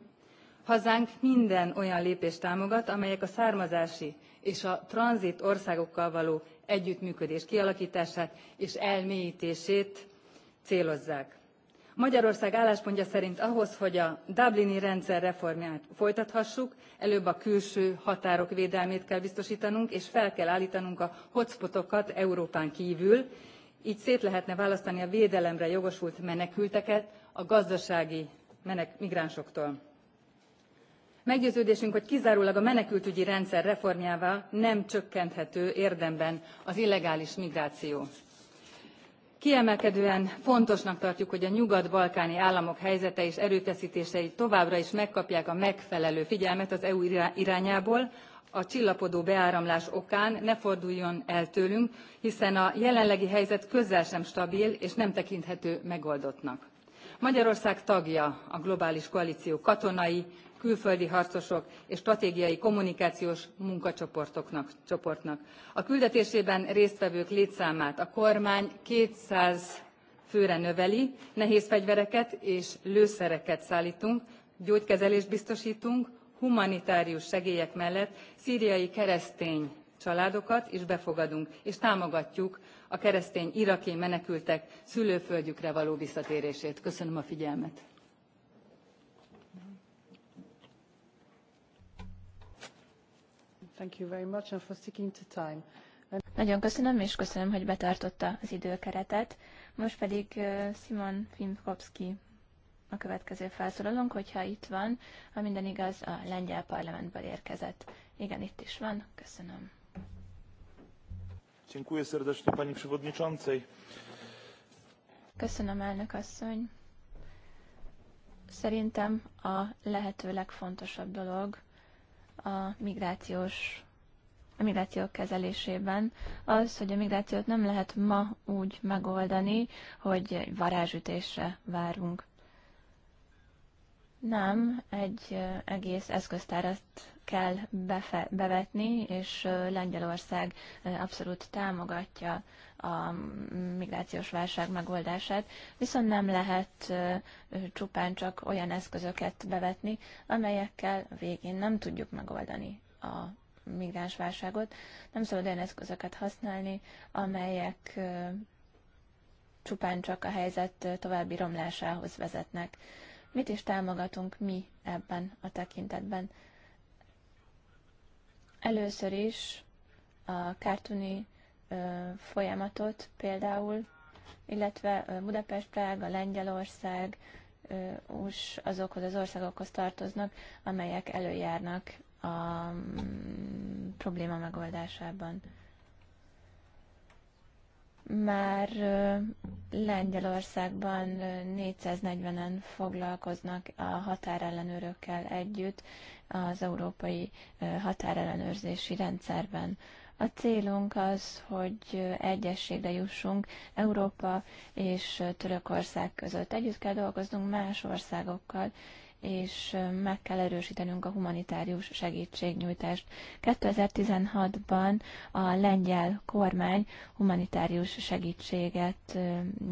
S4: Hazánk minden olyan lépést támogat, amelyek a származási és a tranzit országokkal való együttműködés kialakítását és elmélyítését célozzák. Magyarország álláspontja szerint ahhoz, hogy a Dublini rendszer reformját folytathassuk, előbb a külső határok védelmét kell biztosítanunk, és fel kell állítanunk a hotspotokat Európán kívül, így szét lehetne választani a védelemre jogosult menekülteket a gazdasági menek migránsoktól Meggyőződésünk, hogy kizárólag a menekültügyi rendszer reformjával nem csökkenthető érdemben az illegális migráció. Kiemelkedően fontosnak tartjuk, hogy a nyugat-balkáni államok helyzete és erőfeszítései továbbra is megkapják a megfelelő figyelmet az EU irányából, a csillapodó beáramlás okán ne forduljon el tőlünk, hiszen a jelenlegi helyzet közel sem stabil és nem tekinthető megoldottnak. Magyarország tagja a globális koalíció katonai, külföldi harcosok és stratégiai kommunikációs munkacsoportoknak. Csoportnak. A küldetésében résztvevők létszámát a kormány 200 főre növeli, nehéz fegyvereket és lőszereket szállítunk, gyógykezelést biztosítunk, humanitárius segélyek mellett szíriai keresztény családokat is befogadunk, és támogatjuk a keresztény iraki menekültek szülőföldjükre való visszatérését. Köszönöm a figyelmet.
S1: Thank you very much and for sticking to time. And... Nagyon köszönöm, és köszönöm, hogy betartotta az időkeretet. Most pedig uh, Simon Finkowski a következő felszólalónk, hogyha itt van, ha minden igaz, a lengyel parlamentből érkezett. Igen, itt is van. Köszönöm.
S2: Dziękuję serdecznie pani przewodniczącej.
S1: Köszönöm, elnök asszony. Szerintem a lehető legfontosabb dolog, a migrációs a migráció kezelésében az, hogy a migrációt nem lehet ma úgy megoldani, hogy varázsütésre várunk. Nem, egy egész eszköztárat kell befe- bevetni, és Lengyelország abszolút támogatja a migrációs válság megoldását, viszont nem lehet csupán csak olyan eszközöket bevetni, amelyekkel végén nem tudjuk megoldani a migráns válságot. Nem szabad olyan eszközöket használni, amelyek csupán csak a helyzet további romlásához vezetnek. Mit is támogatunk mi ebben a tekintetben? Először is a kártuni folyamatot például, illetve Budapest, Prága, Lengyelország ús azokhoz az országokhoz tartoznak, amelyek előjárnak a mm, probléma megoldásában. Már Lengyelországban 440-en foglalkoznak a határellenőrökkel együtt az európai határellenőrzési rendszerben. A célunk az, hogy egyességre jussunk Európa és Törökország között. Együtt kell dolgoznunk más országokkal, és meg kell erősítenünk a humanitárius segítségnyújtást. 2016-ban a lengyel kormány humanitárius segítséget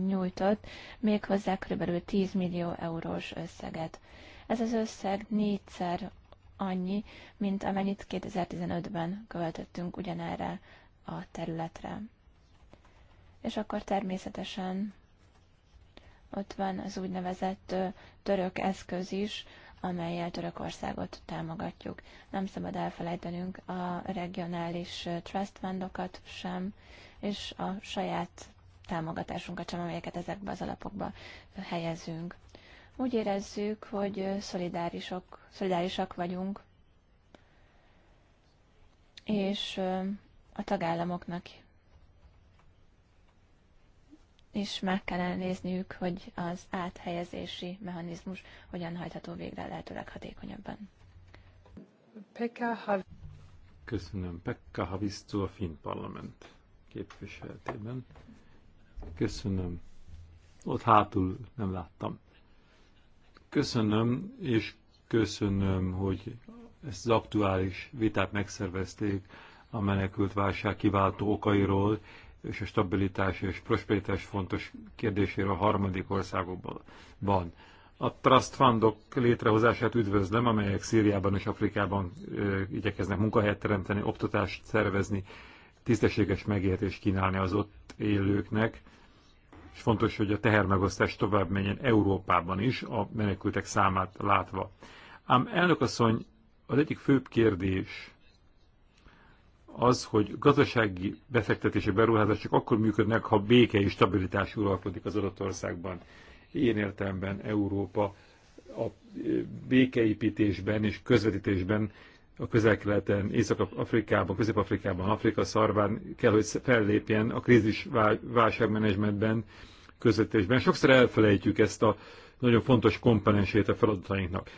S1: nyújtott, méghozzá kb. 10 millió eurós összeget. Ez az összeg négyszer annyi, mint amennyit 2015-ben költöttünk ugyanerre a területre. És akkor természetesen ott van az úgynevezett török eszköz is, amelyel Törökországot támogatjuk. Nem szabad elfelejtenünk a regionális trust fundokat sem, és a saját támogatásunkat sem, amelyeket ezekbe az alapokba helyezünk. Úgy érezzük, hogy szolidárisok, szolidárisak vagyunk, és a tagállamoknak és meg kellene nézniük, hogy az áthelyezési mechanizmus hogyan hajtható végre lehetőleg hatékonyabban.
S2: Köszönöm. Pekka Havisztó a Finn Parlament képviseletében. Köszönöm. Ott hátul nem láttam. Köszönöm, és köszönöm, hogy ezt az aktuális vitát megszervezték a menekült válság kiváltó okairól, és a stabilitás és prosperitás fontos kérdésére a harmadik országokban. A trust fundok létrehozását üdvözlöm, amelyek Szíriában és Afrikában ö, igyekeznek munkahelyet teremteni, oktatást szervezni, tisztességes megértést kínálni az ott élőknek, és fontos, hogy a tehermegosztás tovább menjen Európában is, a menekültek számát látva. Ám elnök asszony, az egyik főbb kérdés az, hogy gazdasági befektetési beruházások akkor működnek, ha béke és stabilitás uralkodik az adott országban. én értelemben Európa a békeépítésben és közvetítésben a közel-keleten, Észak-Afrikában, Közép-Afrikában, Afrika szarván kell, hogy fellépjen a krízis válságmenedzsmentben, közvetésben. Sokszor elfelejtjük ezt a nagyon fontos komponensét a feladatainknak.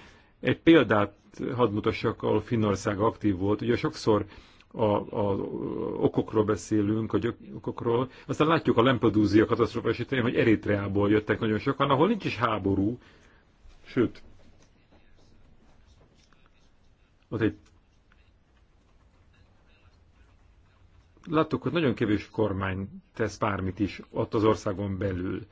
S2: Egy példát hadd mutassak, ahol Finnország aktív volt. Ugye sokszor a, a okokról beszélünk, a okokról, aztán látjuk a Lampedusa katasztrófa esetén, hogy Eritreából jöttek nagyon sokan, ahol nincs is háború, sőt, ott egy láttuk, hogy nagyon kevés kormány tesz bármit is ott az országon belül.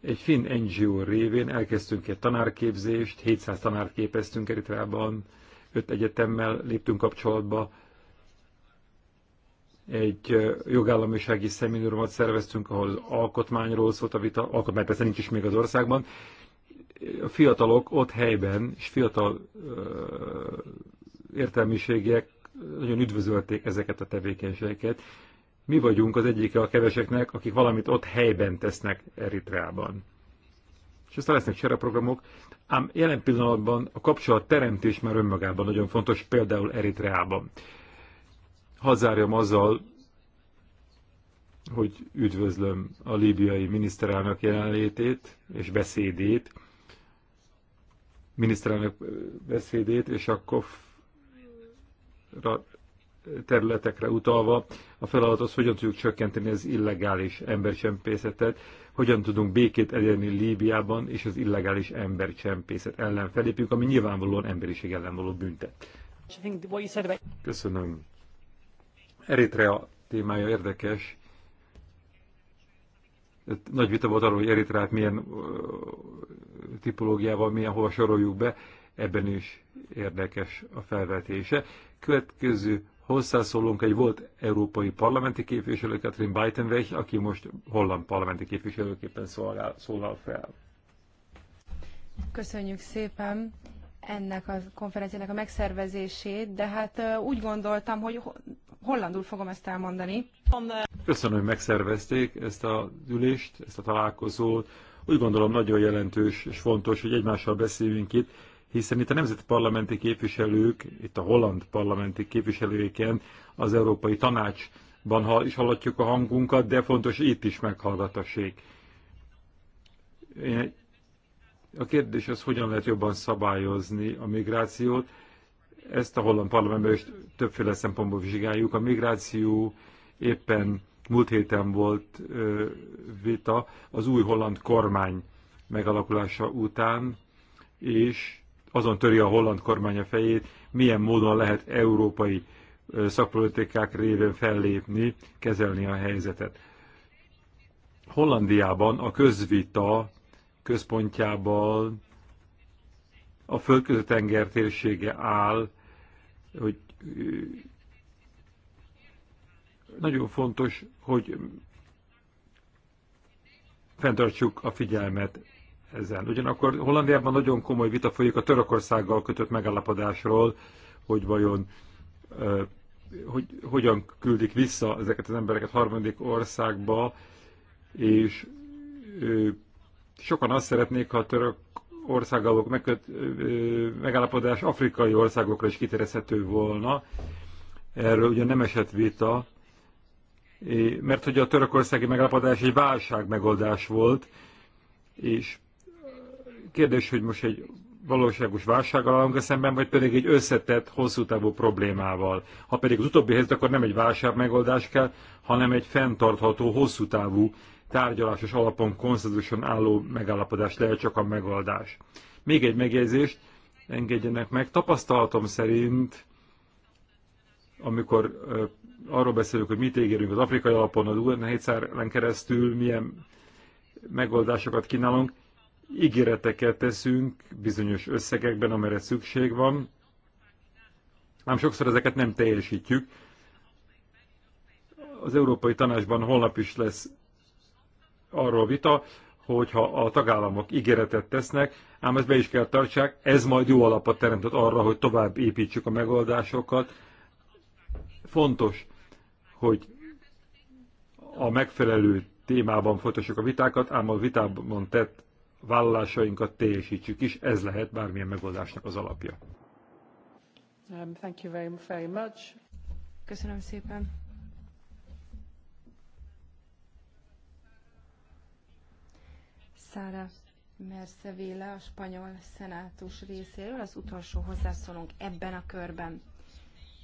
S2: Egy finn NGO révén elkezdtünk egy tanárképzést, 700 tanárt képeztünk Eritreában, 5 egyetemmel léptünk kapcsolatba, egy jogállamisági szemináriumot szerveztünk, ahol alkotmányról szólt a vita, alkotmány persze nincs is még az országban. A fiatalok ott helyben, és fiatal ö, értelmiségiek nagyon üdvözölték ezeket a tevékenységeket. Mi vagyunk az egyike a keveseknek, akik valamit ott helyben tesznek Eritreában. És aztán lesznek programok, ám jelen pillanatban a kapcsolat teremtés már önmagában nagyon fontos, például Eritreában. Hazárjam azzal, hogy üdvözlöm a líbiai miniszterelnök jelenlétét és beszédét, miniszterelnök beszédét és akkor területekre utalva a feladat az, hogyan tudjuk csökkenteni az illegális embercsempészetet, hogyan tudunk békét elérni Líbiában és az illegális embercsempészet ellen felépjük, ami nyilvánvalóan emberiség ellen való büntet. Köszönöm. Eritrea témája érdekes. Nagy vita volt arról, hogy Eritreát milyen tipológiával, milyen hova soroljuk be ebben is érdekes a felvetése. Következő hozzászólunk egy volt európai parlamenti képviselő, Katrin Bajtenweg, aki most holland parlamenti képviselőképpen szolgál, szólal fel.
S3: Köszönjük szépen ennek a konferenciának a megszervezését, de hát úgy gondoltam, hogy hollandul fogom ezt elmondani.
S2: Köszönöm, hogy megszervezték ezt a ülést, ezt a találkozót. Úgy gondolom nagyon jelentős és fontos, hogy egymással beszéljünk itt, hiszen itt a nemzeti parlamenti képviselők, itt a holland parlamenti képviselőjéken az Európai Tanácsban is hallatjuk a hangunkat, de fontos itt is meghallgatassék. A kérdés az, hogyan lehet jobban szabályozni a migrációt. Ezt a holland parlamentben is többféle szempontból vizsgáljuk. A migráció éppen múlt héten volt vita az új holland kormány megalakulása után, és azon töri a holland kormány a fejét, milyen módon lehet európai szakpolitikák révén fellépni, kezelni a helyzetet. Hollandiában a közvita központjában a földközi-tenger térsége áll, hogy nagyon fontos, hogy fenntartsuk a figyelmet ezen. Ugyanakkor Hollandiában nagyon komoly vita folyik a Törökországgal kötött megállapodásról, hogy vajon hogy, hogyan küldik vissza ezeket az embereket harmadik országba, és sokan azt szeretnék, ha a török országok megköt, megállapodás afrikai országokra is kiterezhető volna. Erről ugye nem esett vita, mert hogy a törökországi megállapodás egy válság megoldás volt, és Kérdés, hogy most egy valóságos válsággal állunk a szemben, vagy pedig egy összetett, hosszú távú problémával. Ha pedig az utóbbi helyzet, akkor nem egy válság megoldás kell, hanem egy fenntartható, hosszú távú, tárgyalásos alapon konszenzuson álló megállapodás lehet csak a megoldás. Még egy megjegyzést engedjenek meg. Tapasztalatom szerint, amikor arról beszélünk, hogy mit ígérünk az afrikai alapon, az UN en keresztül, milyen megoldásokat kínálunk, ígéreteket teszünk bizonyos összegekben, amire szükség van, ám sokszor ezeket nem teljesítjük. Az Európai Tanácsban holnap is lesz arról vita, hogyha a tagállamok ígéretet tesznek, ám ezt be is kell tartsák, ez majd jó alapot teremtett arra, hogy tovább építsük a megoldásokat. Fontos, hogy a megfelelő témában folytassuk a vitákat, ám a vitában tett vállalásainkat teljesítsük is, ez lehet bármilyen megoldásnak az alapja.
S3: Um, thank you very, very much. Köszönöm szépen. Szára Mercevéle a spanyol szenátus részéről az utolsó hozzászólunk ebben a körben.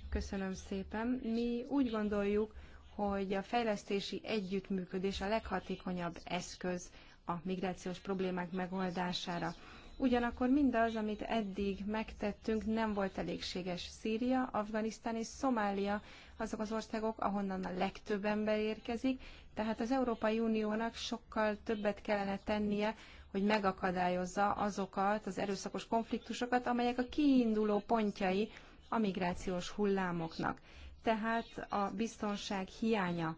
S3: Köszönöm szépen. Mi úgy gondoljuk, hogy a fejlesztési együttműködés a leghatékonyabb eszköz a migrációs problémák megoldására. Ugyanakkor mindaz, amit eddig megtettünk, nem volt elégséges. Szíria, Afganisztán és Szomália azok az országok, ahonnan a legtöbb ember érkezik, tehát az Európai Uniónak sokkal többet kellene tennie, hogy megakadályozza azokat az erőszakos konfliktusokat, amelyek a kiinduló pontjai a migrációs hullámoknak. Tehát a biztonság hiánya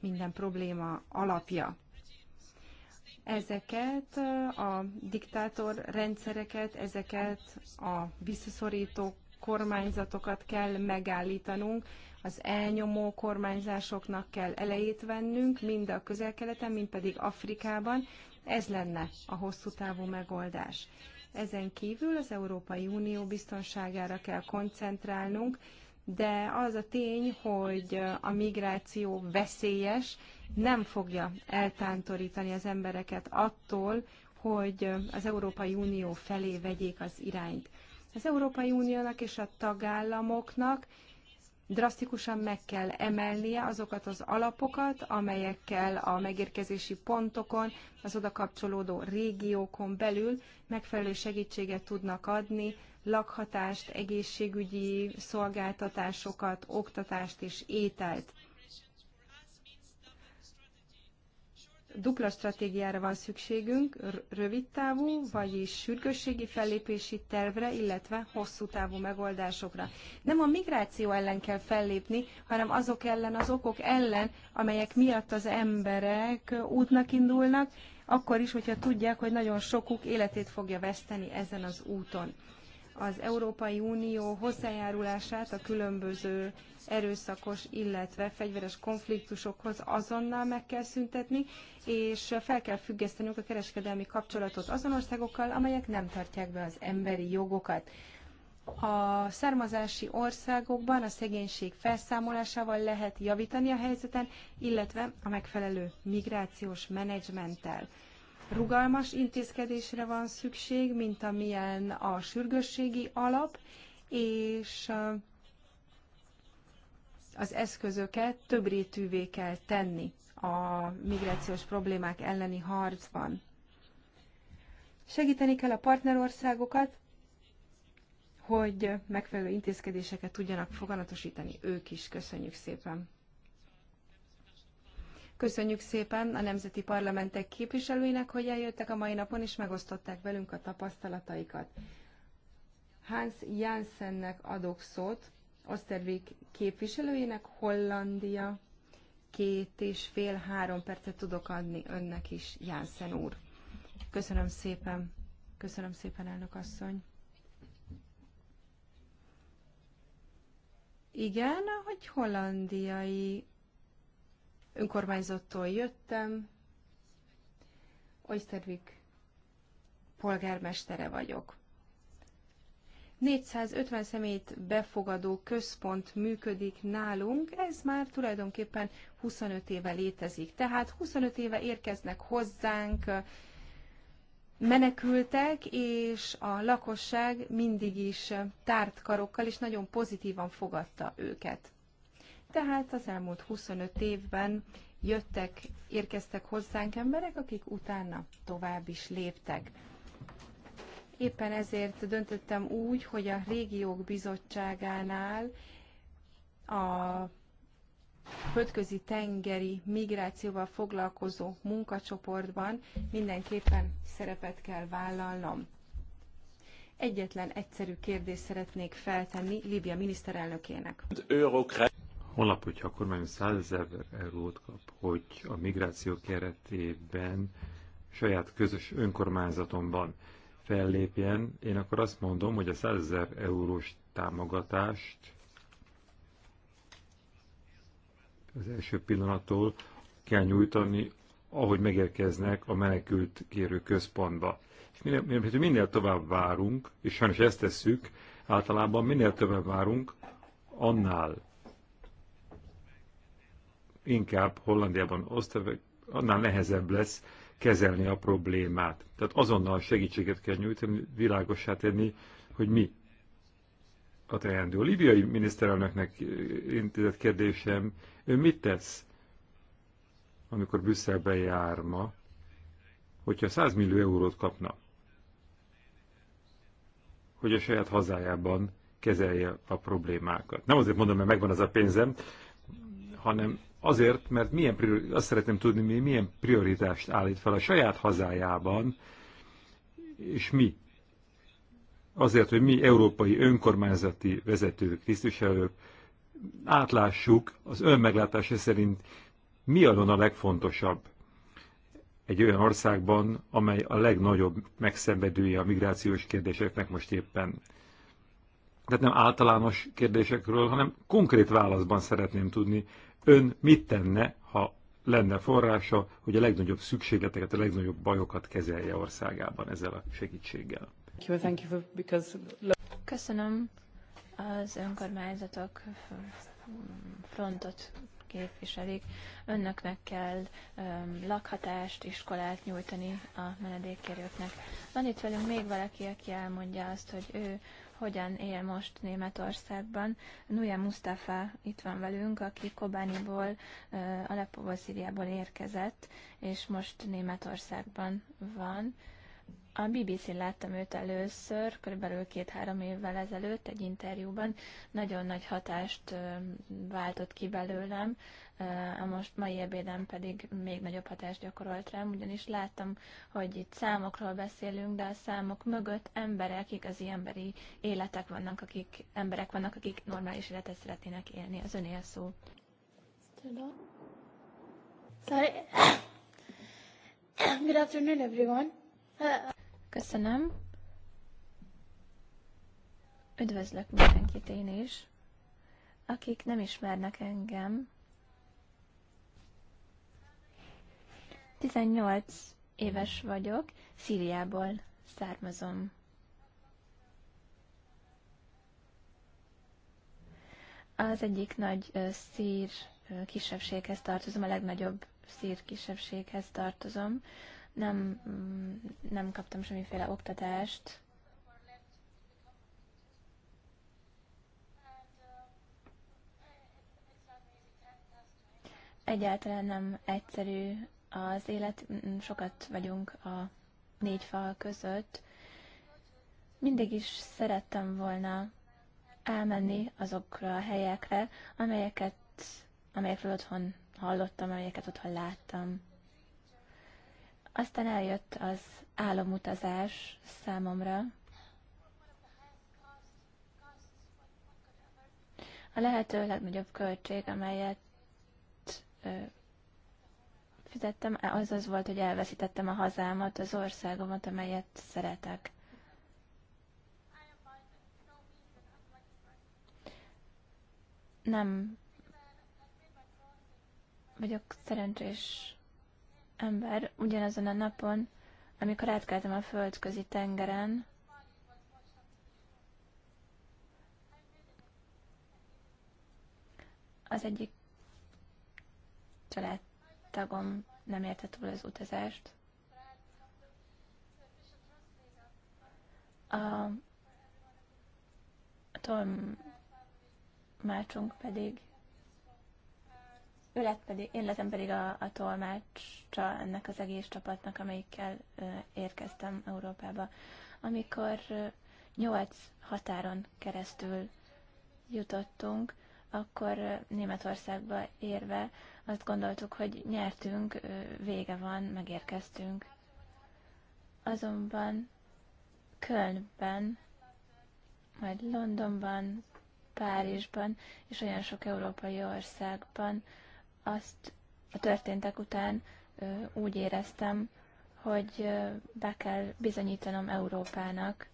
S3: minden probléma alapja. Ezeket a diktátor rendszereket, ezeket a visszaszorító kormányzatokat kell megállítanunk, az elnyomó kormányzásoknak kell elejét vennünk, mind a közel-keleten, mind pedig Afrikában. Ez lenne a hosszú távú megoldás. Ezen kívül az Európai Unió biztonságára kell koncentrálnunk, de az a tény, hogy a migráció veszélyes, nem fogja eltántorítani az embereket attól, hogy az Európai Unió felé vegyék az irányt. Az Európai Uniónak és a tagállamoknak drasztikusan meg kell emelnie azokat az alapokat, amelyekkel a megérkezési pontokon, az oda kapcsolódó régiókon belül megfelelő segítséget tudnak adni lakhatást, egészségügyi szolgáltatásokat, oktatást és ételt. Dupla stratégiára van szükségünk, rövid távú, vagyis sürgősségi fellépési tervre, illetve hosszú távú megoldásokra. Nem a migráció ellen kell fellépni, hanem azok ellen, az okok ellen, amelyek miatt az emberek útnak indulnak, akkor is, hogyha tudják, hogy nagyon sokuk életét fogja veszteni ezen az úton az Európai Unió hozzájárulását a különböző erőszakos, illetve fegyveres konfliktusokhoz azonnal meg kell szüntetni, és fel kell függesztenünk a kereskedelmi kapcsolatot azon országokkal, amelyek nem tartják be az emberi jogokat. A származási országokban a szegénység felszámolásával lehet javítani a helyzeten, illetve a megfelelő migrációs menedzsmenttel rugalmas intézkedésre van szükség, mint amilyen a sürgősségi alap, és az eszközöket többrétűvé kell tenni a migrációs problémák elleni harcban. Segíteni kell a partnerországokat, hogy megfelelő intézkedéseket tudjanak foganatosítani ők is. Köszönjük szépen! Köszönjük szépen a nemzeti parlamentek képviselőinek, hogy eljöttek a mai napon, és megosztották velünk a tapasztalataikat. Hans Jansennek adok szót, Osztervik képviselőjének, Hollandia, két és fél-három percet tudok adni önnek is, Jansen úr. Köszönöm szépen. Köszönöm szépen, elnök asszony. Igen, hogy hollandiai önkormányzattól jöttem, Oystervik polgármestere vagyok. 450 szemét befogadó központ működik nálunk, ez már tulajdonképpen 25 éve létezik. Tehát 25 éve érkeznek hozzánk menekültek, és a lakosság mindig is tárt karokkal, és nagyon pozitívan fogadta őket. Tehát az elmúlt 25 évben jöttek, érkeztek hozzánk emberek, akik utána tovább is léptek. Éppen ezért döntöttem úgy, hogy a régiók bizottságánál a földközi tengeri migrációval foglalkozó munkacsoportban mindenképpen szerepet kell vállalnom. Egyetlen egyszerű kérdést szeretnék feltenni Líbia miniszterelnökének.
S2: Holnap, hogyha a kormány 100 ezer eurót kap, hogy a migráció keretében saját közös önkormányzatomban fellépjen, én akkor azt mondom, hogy a 100 ezer eurós támogatást az első pillanattól kell nyújtani, ahogy megérkeznek a menekült kérő központba. És minél, minél, minél tovább várunk, és sajnos ezt tesszük, általában minél tovább várunk, annál inkább Hollandiában, Osztavek, annál nehezebb lesz kezelni a problémát. Tehát azonnal segítséget kell nyújtani, világosá tenni, hogy mi a teendő. A libiai miniszterelnöknek intézett kérdésem, ő mit tesz, amikor Brüsszelbe jár ma, hogyha 100 millió eurót kapna, hogy a saját hazájában kezelje a problémákat. Nem azért mondom, mert megvan az a pénzem, hanem Azért, mert milyen priori, azt szeretném tudni, hogy milyen prioritást állít fel a saját hazájában, és mi. Azért, hogy mi európai önkormányzati vezetők, tisztviselők átlássuk az önmeglátása szerint, mi adon a legfontosabb egy olyan országban, amely a legnagyobb megszenvedője a migrációs kérdéseknek most éppen. Tehát nem általános kérdésekről, hanem konkrét válaszban szeretném tudni, Ön mit tenne, ha lenne forrása, hogy a legnagyobb szükségleteket, a legnagyobb bajokat kezelje országában ezzel a segítséggel?
S1: Köszönöm az önkormányzatok frontot képviselik. Önöknek kell um, lakhatást, iskolát nyújtani a menedékkérőknek. Van itt velünk még valaki, aki elmondja azt, hogy ő hogyan él most Németországban. Nuja Mustafa itt van velünk, aki Kobániból, Aleppóból, Szíriából érkezett, és most Németországban van. A BBC-n láttam őt először, körülbelül két-három évvel ezelőtt egy interjúban. Nagyon nagy hatást váltott ki belőlem, a most mai ebédem pedig még nagyobb hatást gyakorolt rám, ugyanis láttam, hogy itt számokról beszélünk, de a számok mögött emberek, igazi emberi életek vannak, akik, emberek vannak, akik normális életet szeretnének élni. Az öné a szó. Sorry. (coughs) Good afternoon, everyone. Uh, Köszönöm. Üdvözlök mindenkit én is. Akik nem ismernek engem, 18 éves vagyok, Szíriából származom. Az egyik nagy szír kisebbséghez tartozom, a legnagyobb szír kisebbséghez tartozom nem, mm, nem kaptam semmiféle oktatást. Egyáltalán nem egyszerű az élet, mm, mm, sokat vagyunk a négy fal között. Mindig is szerettem volna elmenni azokra a helyekre, amelyeket, amelyekről otthon hallottam, amelyeket otthon láttam. Aztán eljött az álomutazás számomra. A lehető legnagyobb költség, amelyet ö, fizettem, az az volt, hogy elveszítettem a hazámat, az országomat, amelyet szeretek. Nem vagyok szerencsés ember ugyanazon a napon, amikor átkeltem a földközi tengeren, az egyik családtagom nem érte túl az utazást. A tolmácsunk pedig ő lett pedig, én lettem pedig a, a tolmácsa ennek az egész csapatnak, amelyikkel ö, érkeztem Európába. Amikor ö, nyolc határon keresztül jutottunk, akkor Németországba érve azt gondoltuk, hogy nyertünk, ö, vége van, megérkeztünk. Azonban Kölnben, majd Londonban, Párizsban és olyan sok európai országban azt a történtek után úgy éreztem, hogy be kell bizonyítanom Európának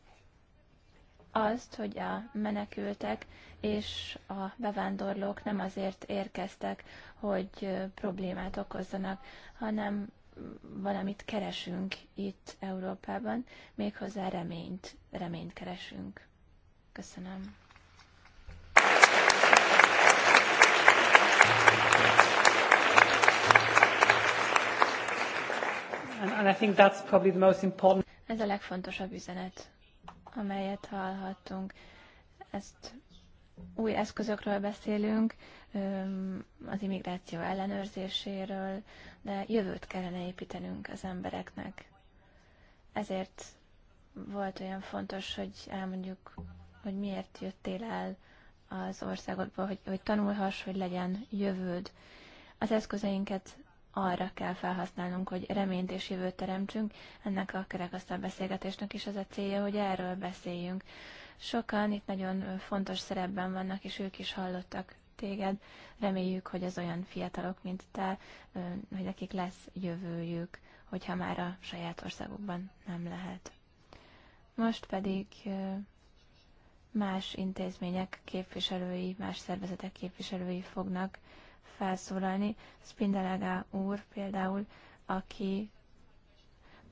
S1: azt, hogy a menekültek és a bevándorlók nem azért érkeztek, hogy problémát okozzanak, hanem valamit keresünk itt Európában, méghozzá reményt, reményt keresünk. Köszönöm. And, I think that's probably the most important. Ez a legfontosabb üzenet, amelyet hallhattunk. Ezt új eszközökről beszélünk, az immigráció ellenőrzéséről, de jövőt kellene építenünk az embereknek. Ezért volt olyan fontos, hogy elmondjuk, hogy miért jöttél el az országodba, hogy, hogy tanulhass, hogy legyen jövőd. Az eszközeinket arra kell felhasználnunk, hogy reményt és jövőt teremtsünk. Ennek a kerekasztal beszélgetésnek is az a célja, hogy erről beszéljünk. Sokan itt nagyon fontos szerepben vannak, és ők is hallottak téged. Reméljük, hogy az olyan fiatalok, mint te, hogy nekik lesz jövőjük, hogyha már a saját országukban nem lehet. Most pedig más intézmények képviselői, más szervezetek képviselői fognak felszólalni. Spindelegá úr például, aki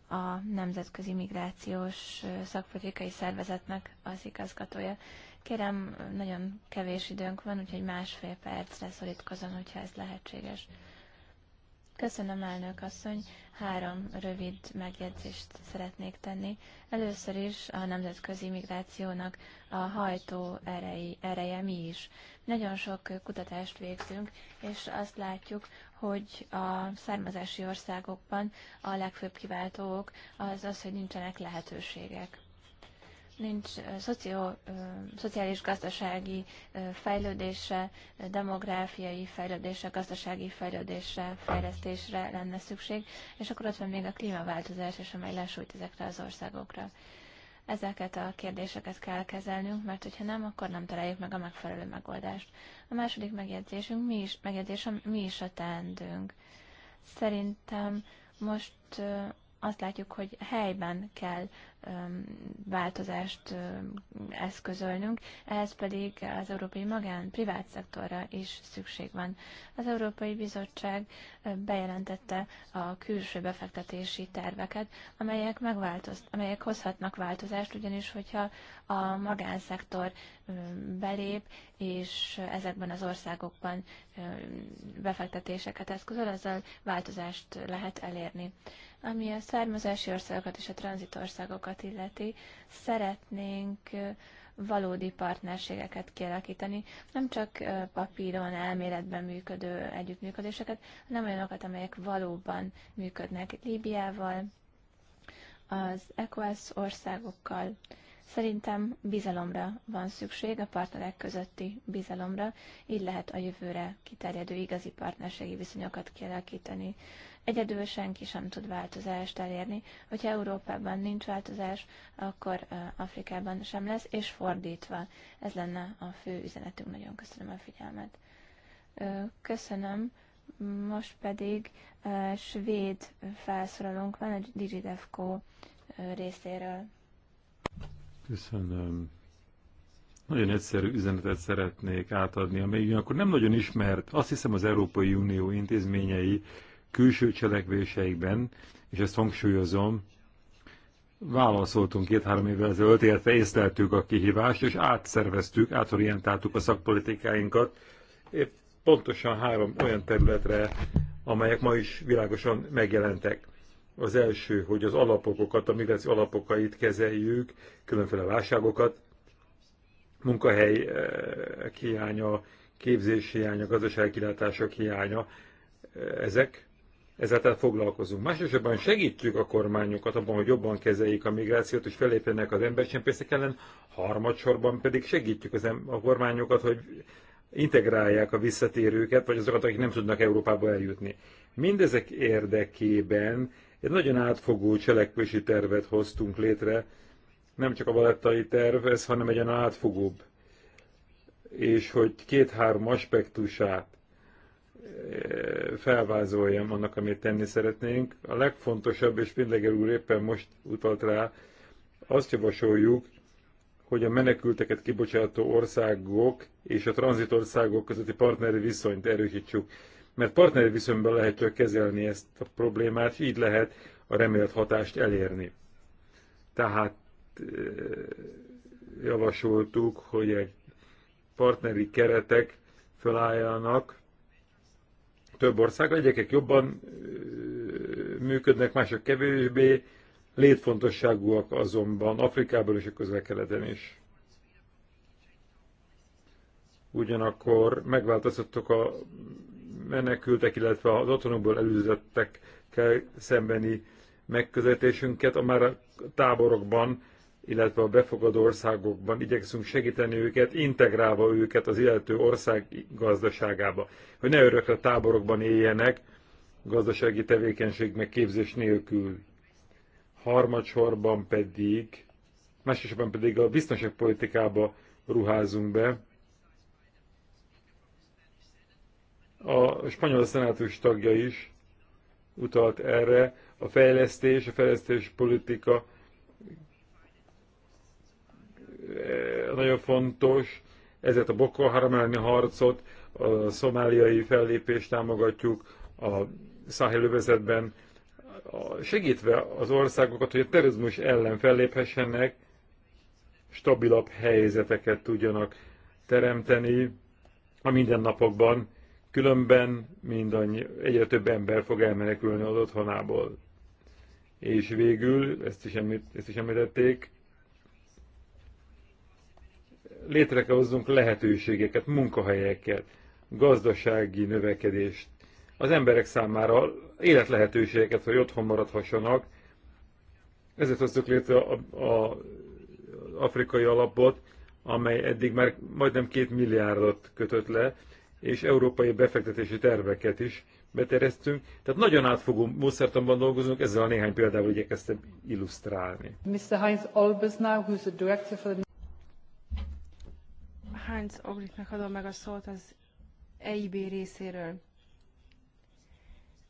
S1: a Nemzetközi Migrációs Szakpolitikai Szervezetnek az igazgatója. Kérem, nagyon kevés időnk van, úgyhogy másfél percre szorítkozom, hogyha ez lehetséges. Köszönöm, elnök asszony. Három rövid megjegyzést szeretnék tenni. Először is a nemzetközi migrációnak a hajtó erei, ereje mi is. Nagyon sok kutatást végzünk, és azt látjuk, hogy a származási országokban a legfőbb kiváltók az az, hogy nincsenek lehetőségek nincs szoció, szociális-gazdasági fejlődésre, demográfiai fejlődésre, gazdasági fejlődésre, fejlesztésre lenne szükség, és akkor ott van még a klímaváltozás, és amely lesújt ezekre az országokra. Ezeket a kérdéseket kell kezelnünk, mert hogyha nem, akkor nem találjuk meg a megfelelő megoldást. A második megjegyzésünk, mi is, megjegyzésem, mi is a teendőnk. Szerintem most azt látjuk, hogy helyben kell változást eszközölnünk, ehhez pedig az európai magán, privát szektorra is szükség van. Az Európai Bizottság bejelentette a külső befektetési terveket, amelyek, amelyek hozhatnak változást, ugyanis hogyha a magánszektor belép, és ezekben az országokban befektetéseket eszközöl, azzal változást lehet elérni. Ami a származási országokat és a tranzitországokat országokat illeti, szeretnénk valódi partnerségeket kialakítani, nem csak papíron, elméletben működő együttműködéseket, hanem olyanokat, amelyek valóban működnek Líbiával, az ECOWAS országokkal. Szerintem bizalomra van szükség, a partnerek közötti bizalomra, így lehet a jövőre kiterjedő igazi partnerségi viszonyokat kialakítani. Egyedül senki sem tud változást elérni. Hogyha Európában nincs változás, akkor Afrikában sem lesz, és fordítva. Ez lenne a fő üzenetünk. Nagyon köszönöm a figyelmet. Köszönöm. Most pedig svéd felszólalónk van a DigiDefco részéről.
S2: Köszönöm. Nagyon egyszerű üzenetet szeretnék átadni, amely akkor nem nagyon ismert. Azt hiszem az Európai Unió intézményei külső cselekvéseikben, és ezt hangsúlyozom, válaszoltunk két-három évvel ezelőtt, illetve észleltük a kihívást, és átszerveztük, átorientáltuk a szakpolitikáinkat épp pontosan három olyan területre, amelyek ma is világosan megjelentek. Az első, hogy az alapokokat, a migráció alapokait kezeljük, különféle válságokat, munkahely eh, hiánya, képzési hiánya, gazdasági kilátások hiánya, eh, ezek ezáltal foglalkozunk. Másosabban segítjük a kormányokat abban, hogy jobban kezeljék a migrációt és felépjenek az embercsempészek ellen, harmadsorban pedig segítjük az a kormányokat, hogy integrálják a visszatérőket, vagy azokat, akik nem tudnak Európába eljutni. Mindezek érdekében egy nagyon átfogó cselekvési tervet hoztunk létre, nem csak a valettai terv ez, hanem egy átfogóbb, és hogy két-három aspektusát felvázoljam annak, amit tenni szeretnénk. A legfontosabb, és Pindleger úr éppen most utalt rá, azt javasoljuk, hogy a menekülteket kibocsátó országok és a tranzitországok közötti partneri viszonyt erősítsük. Mert partneri viszonyban lehet csak kezelni ezt a problémát, és így lehet a remélt hatást elérni. Tehát javasoltuk, hogy egy partneri keretek felálljanak, több ország, egyekek jobban működnek, mások kevésbé, létfontosságúak azonban Afrikából és a közel is. Ugyanakkor megváltoztattuk a menekültek, illetve az otthonokból előzettekkel szembeni megközelítésünket, a már táborokban illetve a befogadó országokban igyekszünk segíteni őket, integrálva őket az illető ország gazdaságába, hogy ne örökre táborokban éljenek, gazdasági tevékenység meg képzés nélkül. Harmadsorban pedig, másosabban pedig a biztonságpolitikába ruházunk be. A spanyol szenátus tagja is utalt erre, a fejlesztés, a fejlesztés politika nagyon fontos, ezért a Boko Haram elleni harcot, a szomáliai fellépést támogatjuk, a övezetben, segítve az országokat, hogy a terrorizmus ellen felléphessenek, stabilabb helyzeteket tudjanak teremteni a mindennapokban, különben mindannyi, egyre több ember fog elmenekülni az otthonából. És végül, ezt is, említ, ezt is említették, létre kell hozzunk lehetőségeket, munkahelyeket, gazdasági növekedést, az emberek számára életlehetőségeket, hogy otthon maradhassanak. Ezért hoztuk létre az afrikai alapot, amely eddig már majdnem két milliárdot kötött le, és európai befektetési terveket is beteresztünk. Tehát nagyon átfogó módszertanban dolgozunk, ezzel a néhány példával igyekeztem illusztrálni.
S3: Mr. Heinz Olbersnau, who's the director for the... Heinz Ogliknak adom meg a szót az EIB részéről.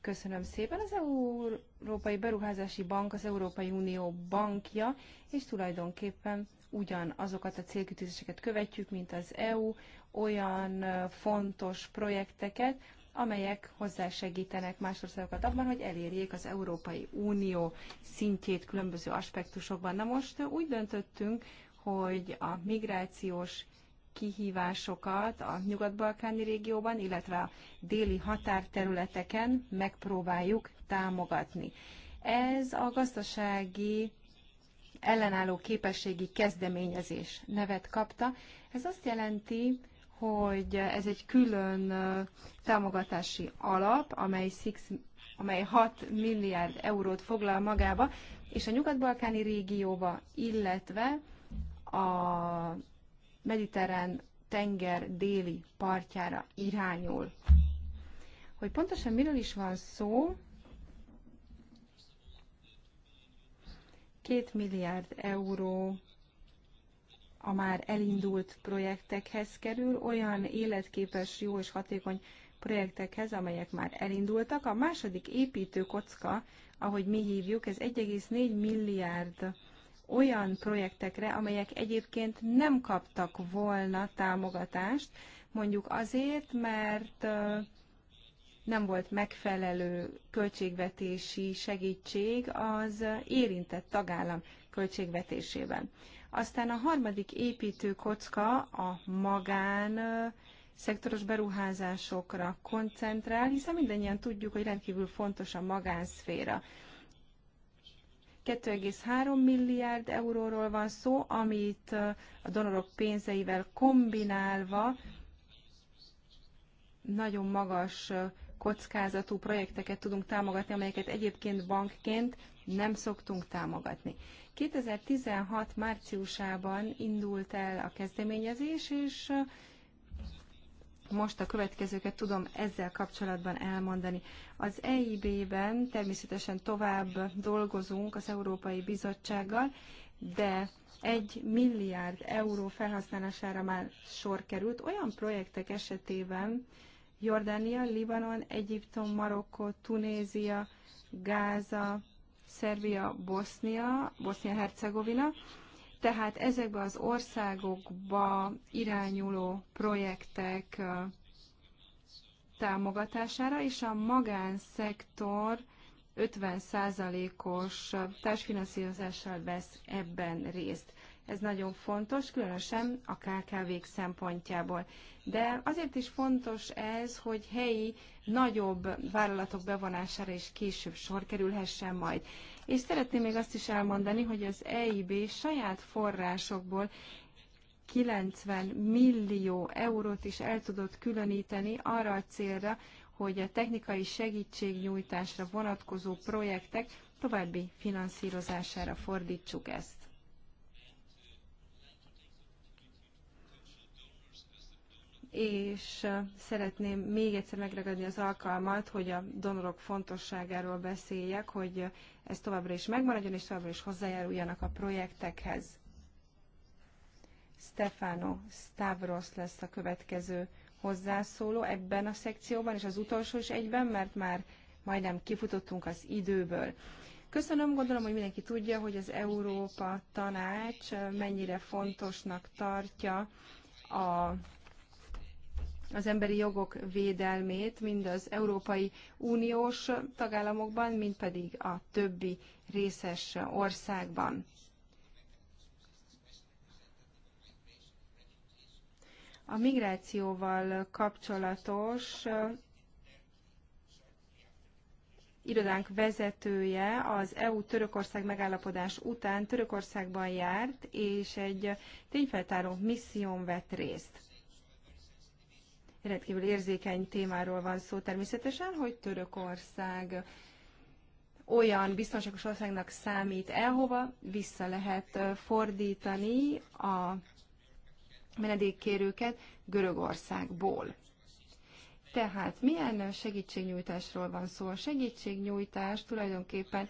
S3: Köszönöm szépen. Az Európai Beruházási Bank az Európai Unió bankja, és tulajdonképpen ugyanazokat a célkütőzéseket követjük, mint az EU, olyan fontos projekteket, amelyek hozzásegítenek más országokat abban, hogy elérjék az Európai Unió szintjét különböző aspektusokban. Na most úgy döntöttünk, hogy a migrációs kihívásokat a nyugat-balkáni régióban, illetve a déli határterületeken megpróbáljuk támogatni. Ez a gazdasági ellenálló képességi kezdeményezés nevet kapta. Ez azt jelenti, hogy ez egy külön támogatási alap, amely, six, amely 6 milliárd eurót foglal magába, és a nyugat-balkáni régióba, illetve a mediterrán tenger déli partjára irányul. Hogy pontosan miről is van szó, két milliárd euró a már elindult projektekhez kerül, olyan életképes, jó és hatékony projektekhez, amelyek már elindultak. A második építőkocka, ahogy mi hívjuk, ez 1,4 milliárd olyan projektekre, amelyek egyébként nem kaptak volna támogatást, mondjuk azért, mert nem volt megfelelő költségvetési segítség az érintett tagállam költségvetésében. Aztán a harmadik építő kocka a magán szektoros beruházásokra koncentrál, hiszen mindannyian tudjuk, hogy rendkívül fontos a magánszféra. 2,3 milliárd euróról van szó, amit a donorok pénzeivel kombinálva nagyon magas kockázatú projekteket tudunk támogatni, amelyeket egyébként bankként nem szoktunk támogatni. 2016 márciusában indult el a kezdeményezés, és most a következőket tudom ezzel kapcsolatban elmondani. Az EIB-ben természetesen tovább dolgozunk az Európai Bizottsággal, de egy milliárd euró felhasználására már sor került olyan projektek esetében, Jordánia, Libanon, Egyiptom, Marokko, Tunézia, Gáza, Szerbia, Bosznia, Bosznia-Hercegovina, tehát ezekbe az országokba irányuló projektek támogatására és a magánszektor 50%-os társfinanszírozással vesz ebben részt. Ez nagyon fontos, különösen a KKV-k szempontjából. De azért is fontos ez, hogy helyi, nagyobb vállalatok bevonására is később sor kerülhessen majd. És szeretném még azt is elmondani, hogy az EIB saját forrásokból 90 millió eurót is el tudott különíteni arra a célra, hogy a technikai segítségnyújtásra vonatkozó projektek további finanszírozására fordítsuk ezt. és szeretném még egyszer megragadni az alkalmat, hogy a donorok fontosságáról beszéljek, hogy ez továbbra is megmaradjon, és továbbra is hozzájáruljanak a projektekhez. Stefano Stavros lesz a következő hozzászóló ebben a szekcióban, és az utolsó is egyben, mert már majdnem kifutottunk az időből. Köszönöm, gondolom, hogy mindenki tudja, hogy az Európa Tanács mennyire fontosnak tartja a az emberi jogok védelmét, mind az Európai Uniós tagállamokban, mind pedig a többi részes országban. A migrációval kapcsolatos irodánk vezetője az EU-Törökország megállapodás után Törökországban járt, és egy tényfeltáró misszión vett részt rendkívül érzékeny témáról van szó természetesen, hogy Törökország olyan biztonságos országnak számít elhova vissza lehet fordítani a menedékkérőket Görögországból. Tehát milyen segítségnyújtásról van szó? A segítségnyújtás tulajdonképpen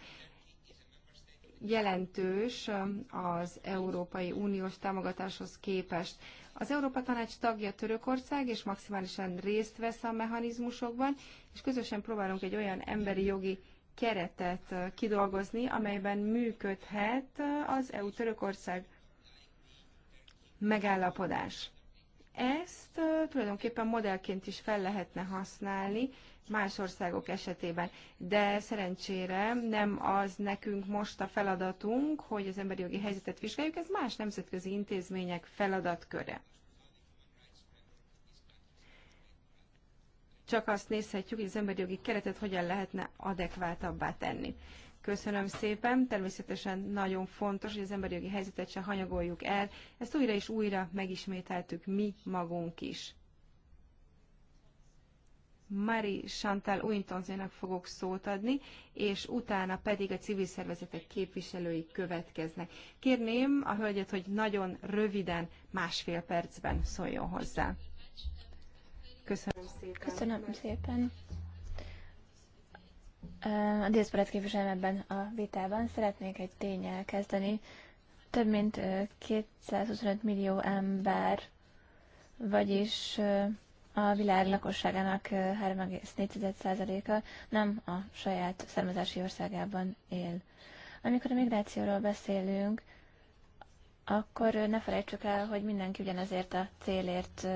S3: jelentős az Európai Uniós támogatáshoz képest. Az Európa Tanács tagja Törökország, és maximálisan részt vesz a mechanizmusokban, és közösen próbálunk egy olyan emberi jogi keretet kidolgozni, amelyben működhet az EU-Törökország megállapodás. Ezt tulajdonképpen modellként is fel lehetne használni más országok esetében, de szerencsére nem az nekünk most a feladatunk, hogy az emberi jogi helyzetet vizsgáljuk, ez más nemzetközi intézmények feladatköre. csak azt nézhetjük, hogy az emberi jogi keretet hogyan lehetne adekváltabbá tenni. Köszönöm szépen. Természetesen nagyon fontos, hogy az emberi jogi helyzetet se hanyagoljuk el. Ezt újra és újra megismételtük mi magunk is. Mari Chantal Uintonzénak fogok szót adni, és utána pedig a civil szervezetek képviselői következnek. Kérném a hölgyet, hogy nagyon röviden, másfél percben szóljon hozzá. Köszönöm
S1: szépen. Köszönöm szépen. Uh, a diaszporát képviselem ebben a vitában. Szeretnék egy tényel kezdeni. Több mint 225 uh, millió ember, vagyis uh, a világ lakosságának 3,4%-a nem a saját származási országában él. Amikor a migrációról beszélünk, akkor ne felejtsük el, hogy mindenki ugyanezért a célért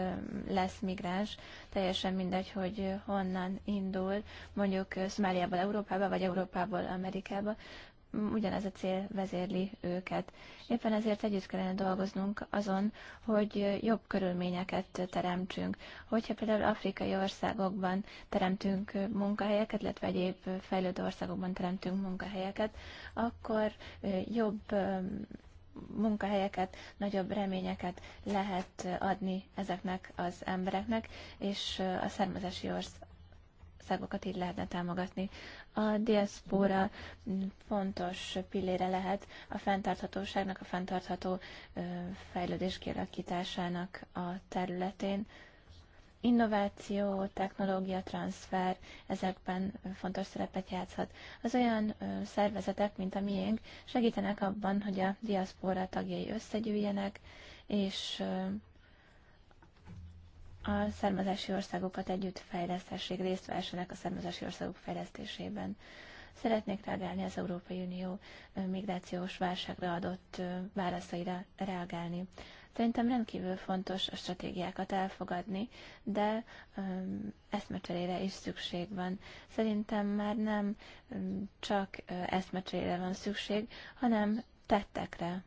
S1: lesz migráns, teljesen mindegy, hogy honnan indul, mondjuk Szomáliából Európába, vagy Európából Amerikába, ugyanez a cél vezérli őket. Éppen ezért együtt kellene dolgoznunk azon, hogy jobb körülményeket teremtsünk. Hogyha például afrikai országokban teremtünk munkahelyeket, illetve egyéb fejlődő országokban teremtünk munkahelyeket, akkor jobb munkahelyeket, nagyobb reményeket lehet adni ezeknek az embereknek, és a származási országokat így lehetne támogatni. A diaszpóra fontos pillére lehet a fenntarthatóságnak, a fenntartható fejlődés kialakításának a területén innováció, technológia, transfer, ezekben fontos szerepet játszhat. Az olyan szervezetek, mint a miénk, segítenek abban, hogy a diaszpora tagjai összegyűjjenek, és a származási országokat együtt fejleszthessék, részt vessenek a származási országok fejlesztésében. Szeretnék reagálni az Európai Unió migrációs válságra adott válaszaira reagálni. Szerintem rendkívül fontos a stratégiákat elfogadni, de um, eszmecserére is szükség van. Szerintem már nem um, csak uh, eszmecserére van szükség, hanem tettekre.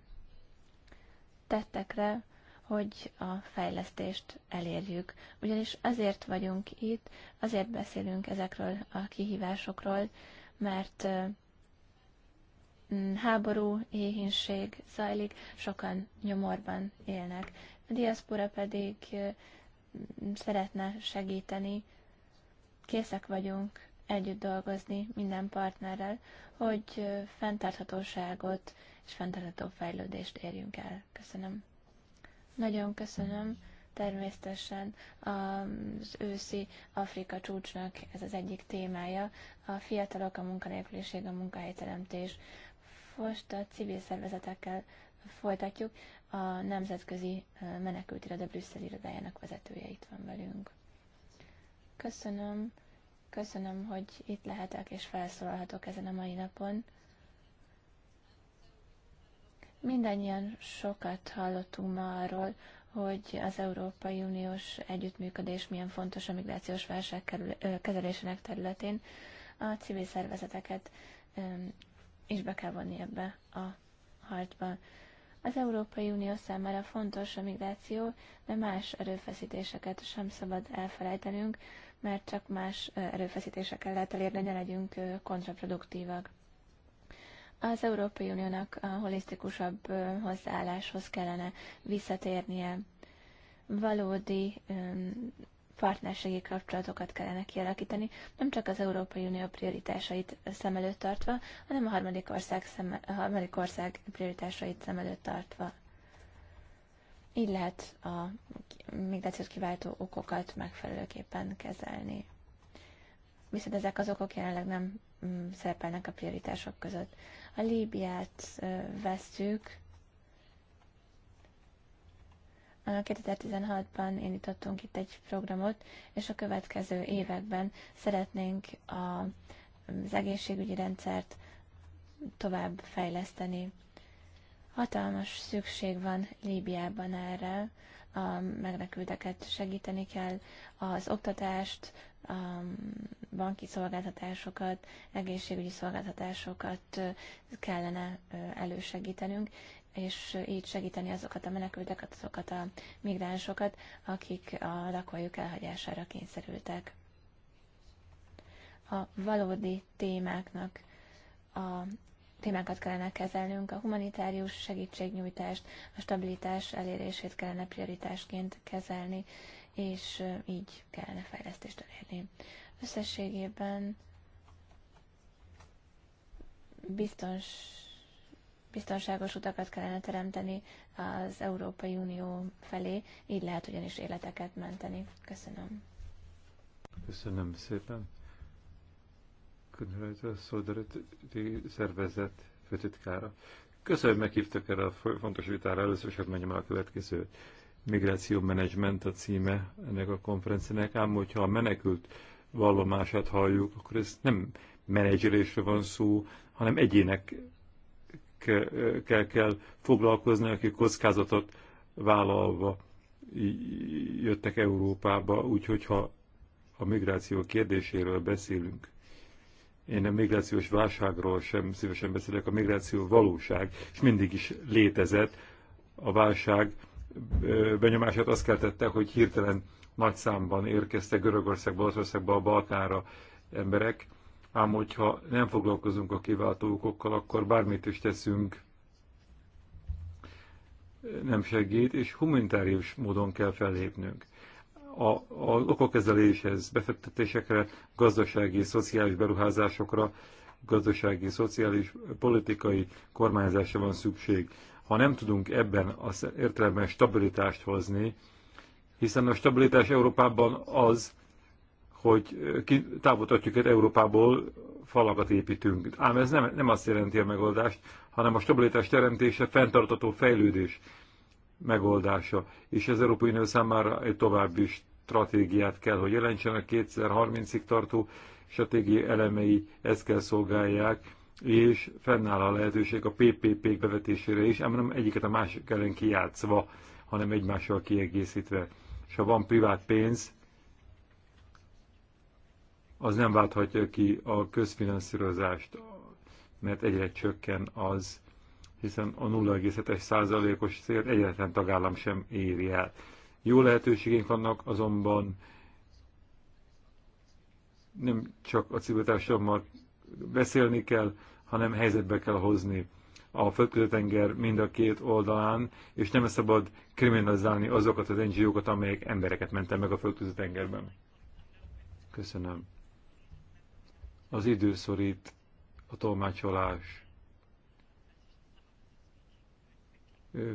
S1: Tettekre, hogy a fejlesztést elérjük. Ugyanis azért vagyunk itt, azért beszélünk ezekről a kihívásokról, mert uh, Mm, háború, éhínség zajlik, sokan nyomorban élnek. A diaszpora pedig mm, szeretne segíteni, készek vagyunk együtt dolgozni minden partnerrel, hogy fenntarthatóságot és fenntartható fejlődést érjünk el. Köszönöm. Nagyon köszönöm. Természetesen az őszi Afrika csúcsnak ez az egyik témája, a fiatalok, a munkanélküliség, a munkahelyteremtés. Most a civil szervezetekkel folytatjuk. A Nemzetközi Irada Brüsszel irodájának vezetője itt van velünk. Köszönöm, köszönöm, hogy itt lehetek és felszólalhatok ezen a mai napon. Mindannyian sokat hallottunk ma arról, hogy az Európai Uniós együttműködés milyen fontos a migrációs válság kezelésének területén. A civil szervezeteket és be kell vonni ebbe a harcba. Az Európai Unió számára fontos a migráció, de más erőfeszítéseket sem szabad elfelejtenünk, mert csak más erőfeszítésekkel lehet elérni, ne legyünk kontraproduktívak. Az Európai Uniónak a holisztikusabb hozzáálláshoz kellene visszatérnie. Valódi partnerségi kapcsolatokat kellene kialakítani, nem csak az Európai Unió prioritásait szem előtt tartva, hanem a harmadik ország, szem, a harmadik ország prioritásait szem előtt tartva. Így lehet a migrációt kiváltó okokat megfelelőképpen kezelni. Viszont ezek az okok jelenleg nem mm, szerepelnek a prioritások között. A Líbiát vesztük, 2016-ban indítottunk itt egy programot, és a következő években szeretnénk a, az egészségügyi rendszert tovább fejleszteni. Hatalmas szükség van Líbiában erre, a megrekülteket segíteni kell, az oktatást, a banki szolgáltatásokat, egészségügyi szolgáltatásokat kellene elősegítenünk, és így segíteni azokat a menekülteket, azokat a migránsokat, akik a lakójuk elhagyására kényszerültek. A valódi témáknak a témákat kellene kezelnünk, a humanitárius segítségnyújtást, a stabilitás elérését kellene prioritásként kezelni, és így kellene fejlesztést elérni. Összességében biztos biztonságos utakat kellene teremteni az Európai Unió felé, így lehet ugyanis életeket menteni. Köszönöm.
S2: Köszönöm szépen. a Szolidaritási Szervezet főtitkára. Köszönöm, hogy meghívtak erre a fontos vitára. Először is hát mondjam el a következő Migráció Management a címe ennek a konferenciának, ám hogyha a menekült vallomását halljuk, akkor ez nem menedzselésről van szó, hanem egyének kell, kell foglalkozni, akik kockázatot vállalva jöttek Európába, úgyhogy ha a migráció kérdéséről beszélünk, én a migrációs válságról sem szívesen beszélek, a migráció valóság, és mindig is létezett. A válság benyomását azt keltette, hogy hirtelen nagy számban érkeztek Görögországba, Olaszországba, a Balkánra emberek, ám hogyha nem foglalkozunk a kiváltó okokkal, akkor bármit is teszünk, nem segít, és humanitárius módon kell fellépnünk. A, a okokezeléshez, befektetésekre, gazdasági, szociális beruházásokra, gazdasági, szociális, politikai kormányzásra van szükség. Ha nem tudunk ebben az értelemben stabilitást hozni, hiszen a stabilitás Európában az, hogy eh, távoltatjuk őket Európából, falakat építünk. Ám ez nem, nem azt jelenti a megoldást, hanem a stabilitás teremtése, fenntartató fejlődés megoldása. És az Európai Unió számára egy további stratégiát kell, hogy jelentsen a 2030-ig tartó stratégiai elemei ezt kell szolgálják, és fennáll a lehetőség a PPP-k bevetésére is, ám nem egyiket a másik ellen kijátszva, hanem egymással kiegészítve. És ha van privát pénz, az nem válthatja ki a közfinanszírozást, mert egyre csökken az, hiszen a 0,7 százalékos célt egyetlen tagállam sem éri el. Jó lehetőségénk vannak azonban nem csak a civil társadalommal beszélni kell, hanem helyzetbe kell hozni a földközi-tenger mind a két oldalán, és nem szabad kriminalizálni azokat az NGO-kat, amelyek embereket mentem meg a földközi-tengerben. Köszönöm. Az időszorít a tolmácsolás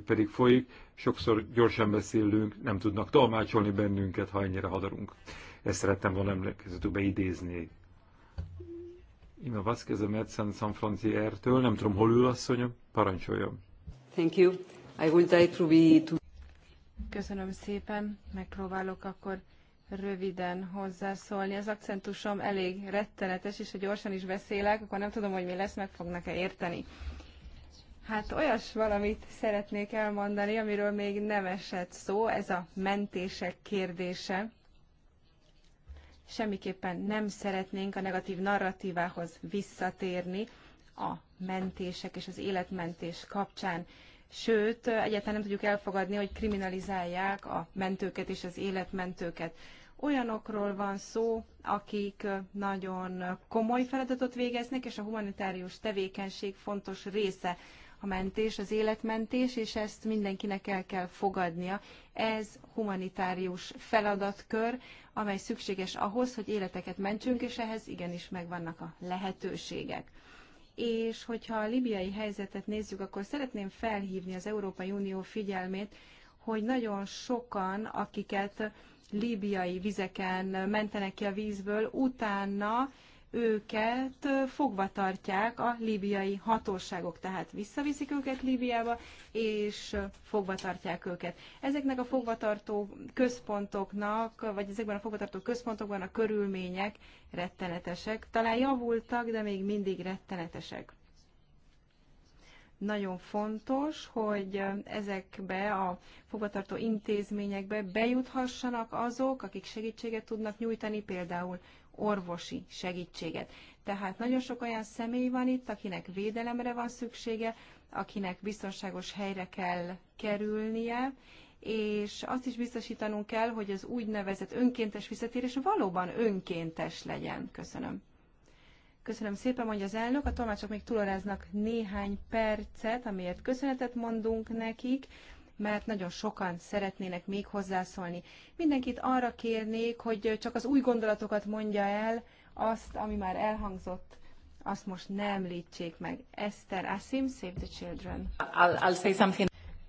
S2: pedig folyik, sokszor gyorsan beszélünk, nem tudnak tolmácsolni bennünket, ha ennyire hadarunk. Ezt szerettem volna emlékezetükbe idézni. Ima Vázquez a Medicine San francier től nem tudom, hol ül asszonyom, parancsoljon.
S4: Thank you. I will try to be to...
S3: Köszönöm szépen, megpróbálok akkor röviden hozzászólni. Az akcentusom elég rettenetes, és ha gyorsan is beszélek, akkor nem tudom, hogy mi lesz, meg fognak-e érteni. Hát olyas valamit szeretnék elmondani, amiről még nem esett szó, ez a mentések kérdése. Semmiképpen nem szeretnénk a negatív narratívához visszatérni a mentések és az életmentés kapcsán sőt, egyáltalán nem tudjuk elfogadni, hogy kriminalizálják a mentőket és az életmentőket. Olyanokról van szó, akik nagyon komoly feladatot végeznek, és a humanitárius tevékenység fontos része a mentés, az életmentés, és ezt mindenkinek el kell fogadnia. Ez humanitárius feladatkör, amely szükséges ahhoz, hogy életeket mentsünk, és ehhez igenis megvannak a lehetőségek és hogyha a libiai helyzetet nézzük, akkor szeretném felhívni az Európai Unió figyelmét, hogy nagyon sokan, akiket libiai vizeken mentenek ki a vízből, utána őket fogva tartják a líbiai hatóságok, tehát visszaviszik őket Líbiába, és fogva tartják őket. Ezeknek a fogvatartó központoknak, vagy ezekben a fogvatartó központokban a körülmények rettenetesek. Talán javultak, de még mindig rettenetesek. Nagyon fontos, hogy ezekbe a fogvatartó intézményekbe bejuthassanak azok, akik segítséget tudnak nyújtani, például orvosi segítséget. Tehát nagyon sok olyan személy van itt, akinek védelemre van szüksége, akinek biztonságos helyre kell kerülnie, és azt is biztosítanunk kell, hogy az úgynevezett önkéntes visszatérés valóban önkéntes legyen. Köszönöm. Köszönöm szépen, mondja az elnök. A tolmácsok még túloráznak néhány percet, amiért köszönetet mondunk nekik mert nagyon sokan szeretnének még hozzászólni. Mindenkit arra kérnék, hogy csak az új gondolatokat mondja el, azt, ami már elhangzott, azt most ne említsék meg. Eszter Asim, Save the Children. I'll, I'll say something.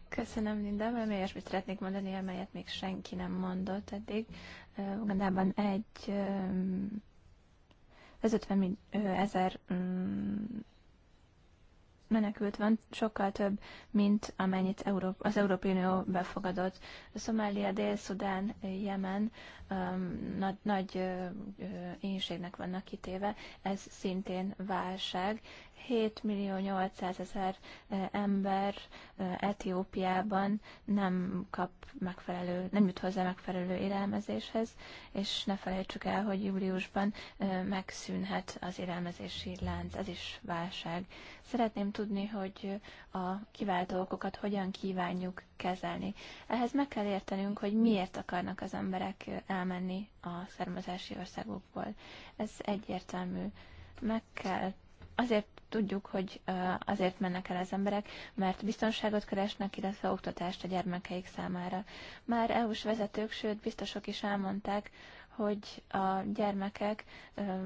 S1: Köszönöm, Linda. Valami olyasmit szeretnék mondani, amelyet még senki nem mondott eddig. Ugandában egy ez 50 ezer menekült van, sokkal több, mint amennyit Európa, az Európai Unió befogadott. A Szomália, Dél-Szudán, Jemen um, nagy, nagy uh, éhségnek vannak kitéve, ez szintén válság, 7 millió 800 ezer eh, ember eh, Etiópiában nem kap megfelelő, nem jut hozzá megfelelő élelmezéshez, és ne felejtsük el, hogy júliusban eh, megszűnhet az élelmezési lánc, ez is válság. Szeretném tudni, hogy a kiváltó okokat hogyan kívánjuk kezelni. Ehhez meg kell értenünk, hogy miért akarnak az emberek elmenni a származási országokból. Ez egyértelmű. Meg kell azért tudjuk, hogy azért mennek el az emberek, mert biztonságot keresnek, illetve oktatást a gyermekeik számára. Már EU-s vezetők, sőt biztosok is elmondták, hogy a gyermekek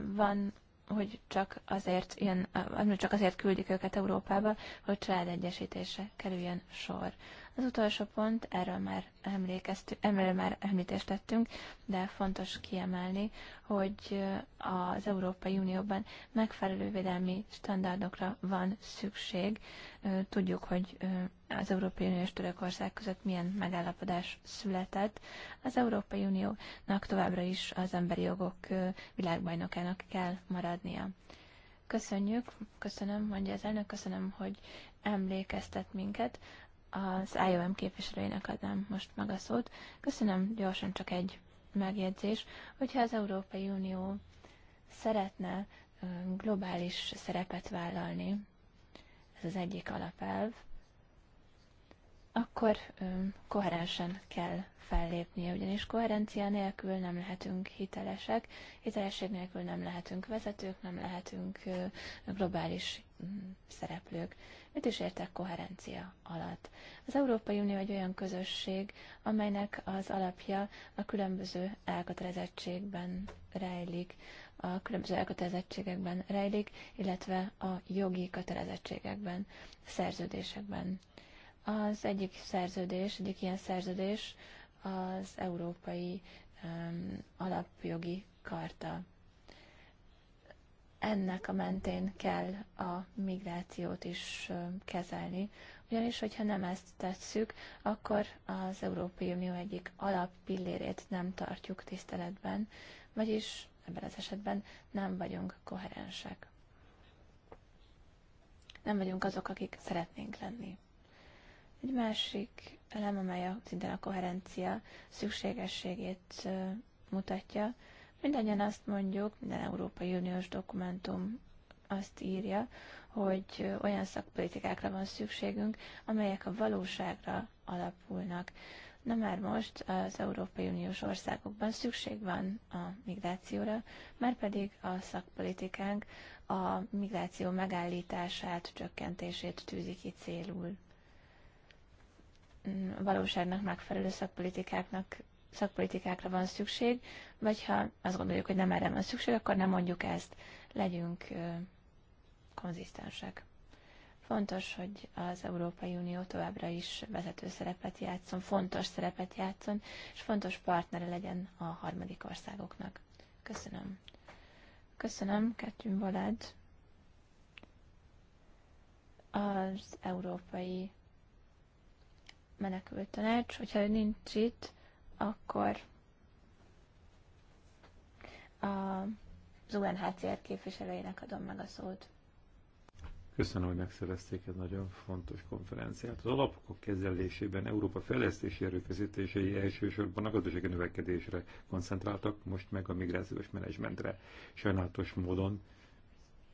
S1: van hogy csak azért, jön, csak azért küldik őket Európába, hogy családegyesítésre kerüljön sor. Az utolsó pont, erről már, emlékeztünk, erről már említést tettünk, de fontos kiemelni, hogy az Európai Unióban megfelelő védelmi standardokra van szükség. Tudjuk, hogy az Európai Unió és Törökország között milyen megállapodás született. Az Európai Uniónak továbbra is az emberi jogok világbajnokának kell maradnia. Köszönjük, köszönöm, mondja az elnök, köszönöm, hogy emlékeztet minket az IOM képviselőinek adnám most meg a szót. Köszönöm, gyorsan csak egy megjegyzés, hogyha az Európai Unió szeretne globális szerepet vállalni, ez az egyik alapelv, akkor koherensen kell fellépnie, ugyanis koherencia nélkül nem lehetünk hitelesek, hitelesség nélkül nem lehetünk vezetők, nem lehetünk globális szereplők. Mit is értek koherencia alatt? Az Európai Unió egy olyan közösség, amelynek az alapja a különböző elkötelezettségben rejlik, a különböző elkötelezettségekben rejlik, illetve a jogi kötelezettségekben, szerződésekben. Az egyik szerződés, egyik ilyen szerződés az Európai um, Alapjogi Karta ennek a mentén kell a migrációt is kezelni, ugyanis hogyha nem ezt tesszük, akkor az Európai Unió egyik alappillérét nem tartjuk tiszteletben, vagyis ebben az esetben nem vagyunk koherensek. Nem vagyunk azok, akik szeretnénk lenni. Egy másik elem, amely a, szintén a koherencia szükségességét mutatja, Mindannyian azt mondjuk, minden Európai Uniós dokumentum azt írja, hogy olyan szakpolitikákra van szükségünk, amelyek a valóságra alapulnak. Na már most az Európai Uniós országokban szükség van a migrációra, már pedig a szakpolitikánk a migráció megállítását, csökkentését tűzi ki célul. A valóságnak megfelelő szakpolitikáknak szakpolitikákra van szükség, vagy ha azt gondoljuk, hogy nem erre van szükség, akkor nem mondjuk ezt. Legyünk konzisztensek. Fontos, hogy az Európai Unió továbbra is vezető szerepet játszon, fontos szerepet játszon, és fontos partnere legyen a harmadik országoknak. Köszönöm. Köszönöm, Kettőn Valád. Az Európai Menekült Tanács, hogyha nincs itt, akkor a, az UNHCR képviselőjének adom meg a szót.
S2: Köszönöm, hogy megszervezték egy nagyon fontos konferenciát. Az alapokok kezelésében Európa fejlesztési erőfeszítései elsősorban a gazdasági növekedésre koncentráltak, most meg a migrációs menedzsmentre. Sajnálatos módon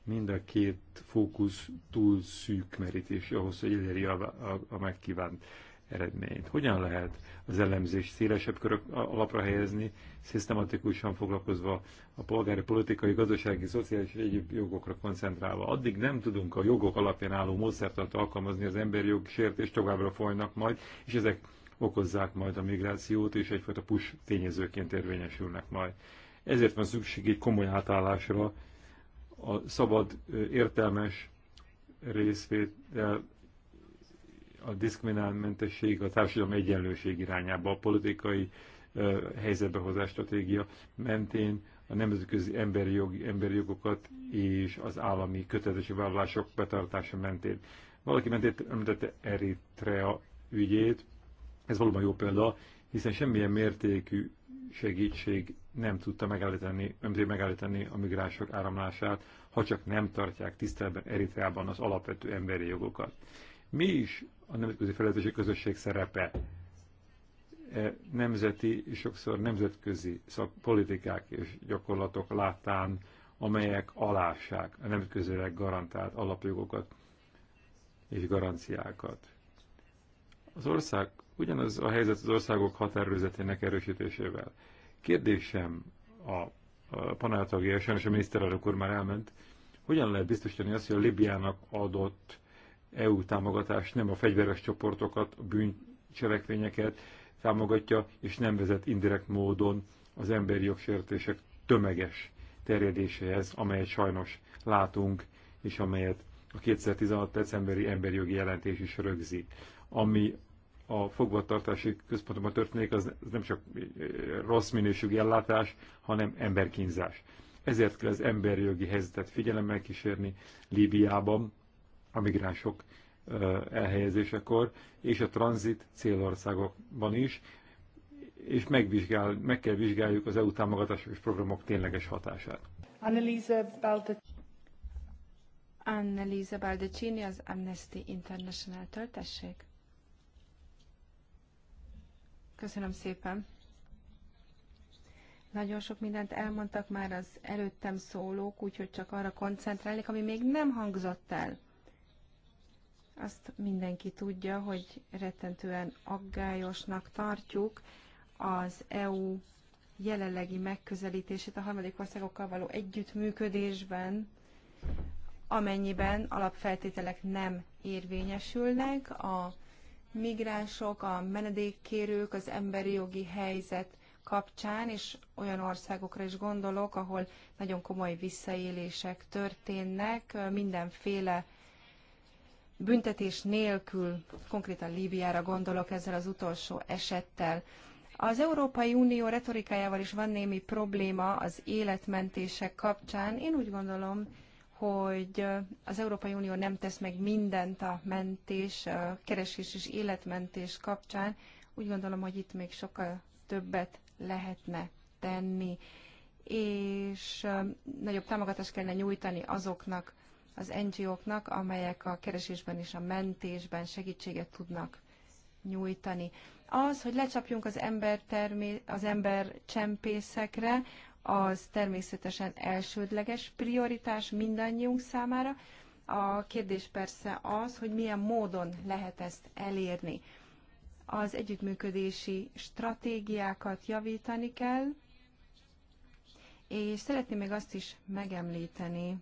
S2: mind a két fókusz túl szűk merítés ahhoz, hogy elérje a, a, a megkívánt eredményt. Hogyan lehet az elemzést szélesebb körök alapra helyezni, szisztematikusan foglalkozva a polgári, politikai, gazdasági, szociális és egyéb jogokra koncentrálva. Addig nem tudunk a jogok alapján álló módszertart alkalmazni, az emberi jogi sértés továbbra folynak majd, és ezek okozzák majd a migrációt, és egyfajta push tényezőként érvényesülnek majd. Ezért van szükség egy komoly átállásra, a szabad, értelmes részvétel a diszkriminálmentesség, a társadalom egyenlőség irányába, a politikai helyzetbehozás stratégia mentén a nemzetközi emberi, jogi, emberi jogokat és az állami vállalások betartása mentén. Valaki mentét említette Eritrea ügyét, ez valóban jó példa, hiszen semmilyen mértékű segítség nem tudta megállítani, nem tudja megállítani a migránsok áramlását, ha csak nem tartják tiszteletben Eritreában az alapvető emberi jogokat. Mi is a nemzetközi felelősségi közösség szerepe, e, nemzeti és sokszor nemzetközi politikák és gyakorlatok láttán, amelyek alássák a nemzetközileg garantált alapjogokat és garanciákat. Az ország, ugyanaz a helyzet az országok határőrzetének erősítésével. Kérdésem a, a panel tagja, sajnos a miniszterelnök úr már elment, hogyan lehet biztosítani azt, hogy a Libyának adott EU támogatás nem a fegyveres csoportokat, a bűncselekvényeket támogatja, és nem vezet indirekt módon az emberi jogsértések tömeges terjedéséhez, amelyet sajnos látunk, és amelyet a 2016. decemberi emberi jogi jelentés is rögzít. Ami a fogvatartási központban történik, az nem csak rossz minőségű ellátás, hanem emberkínzás. Ezért kell az emberi jogi helyzetet figyelemmel kísérni Líbiában, a migránsok elhelyezésekor, és a tranzit célországokban is, és megvizsgál, meg kell vizsgáljuk az EU támogatások és programok tényleges hatását.
S3: Annelise Balde... Baldacini az Amnesty International-től, Köszönöm szépen. Nagyon sok mindent elmondtak már az előttem szólók, úgyhogy csak arra koncentrálnék, ami még nem hangzott el. Azt mindenki tudja, hogy rettentően aggályosnak tartjuk az EU jelenlegi megközelítését a harmadik országokkal való együttműködésben, amennyiben alapfeltételek nem érvényesülnek, a migránsok, a menedékkérők, az emberi jogi helyzet kapcsán, és olyan országokra is gondolok, ahol nagyon komoly visszaélések történnek, mindenféle büntetés nélkül, konkrétan Líbiára gondolok ezzel az utolsó esettel. Az Európai Unió retorikájával is van némi probléma az életmentések kapcsán. Én úgy gondolom, hogy az Európai Unió nem tesz meg mindent a mentés, a keresés és életmentés kapcsán. Úgy gondolom, hogy itt még sokkal többet lehetne tenni, és nagyobb támogatást kellene nyújtani azoknak, az NGO-knak, amelyek a keresésben és a mentésben segítséget tudnak nyújtani. Az, hogy lecsapjunk az ember, termé- az ember csempészekre, az természetesen elsődleges prioritás mindannyiunk számára. A kérdés persze az, hogy milyen módon lehet ezt elérni. Az együttműködési stratégiákat javítani kell, és szeretném még azt is megemlíteni,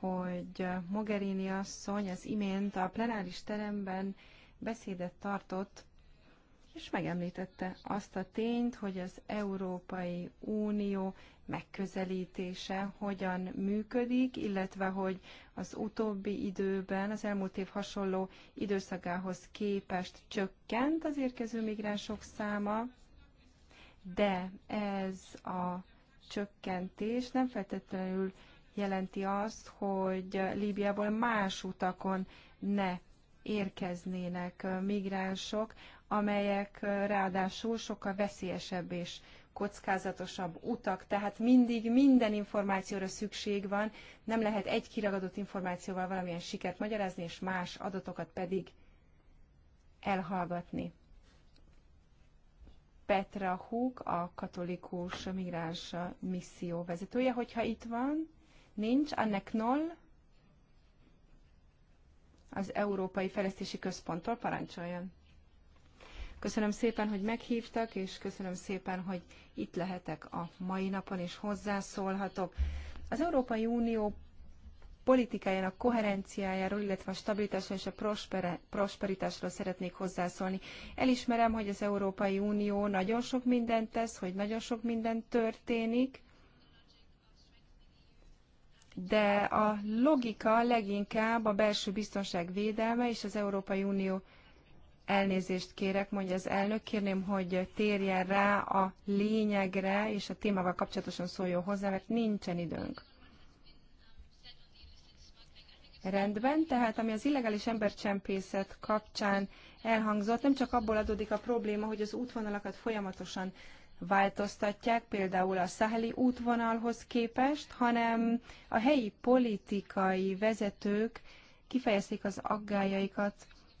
S3: hogy Mogherini asszony az imént a plenáris teremben beszédet tartott, és megemlítette azt a tényt, hogy az Európai Unió megközelítése hogyan működik, illetve hogy az utóbbi időben, az elmúlt év hasonló időszakához képest csökkent az érkező migránsok száma, de ez a csökkentés nem feltétlenül jelenti azt, hogy Líbiából más utakon ne érkeznének migránsok, amelyek ráadásul sokkal veszélyesebb és kockázatosabb utak, tehát mindig minden információra szükség van, nem lehet egy kiragadott információval valamilyen sikert magyarázni, és más adatokat pedig elhallgatni. Petra Húk, a katolikus migráns misszió vezetője, hogyha itt van nincs. Ennek Noll az Európai Fejlesztési Központtól parancsoljon. Köszönöm szépen, hogy meghívtak, és köszönöm szépen, hogy itt lehetek a mai napon, és hozzászólhatok. Az Európai Unió politikájának koherenciájáról, illetve a stabilitásról és a prosperitásról szeretnék hozzászólni. Elismerem, hogy az Európai Unió nagyon sok mindent tesz, hogy nagyon sok minden történik, de a logika leginkább a belső biztonság védelme és az Európai Unió elnézést kérek, mondja az elnök, kérném, hogy térjen rá a lényegre, és a témával kapcsolatosan szóljon hozzá, mert nincsen időnk. Rendben, tehát ami az illegális embercsempészet kapcsán elhangzott, nem csak abból adódik a probléma, hogy az útvonalakat folyamatosan változtatják, például a száheli útvonalhoz képest, hanem a helyi politikai vezetők kifejezték az aggájaikat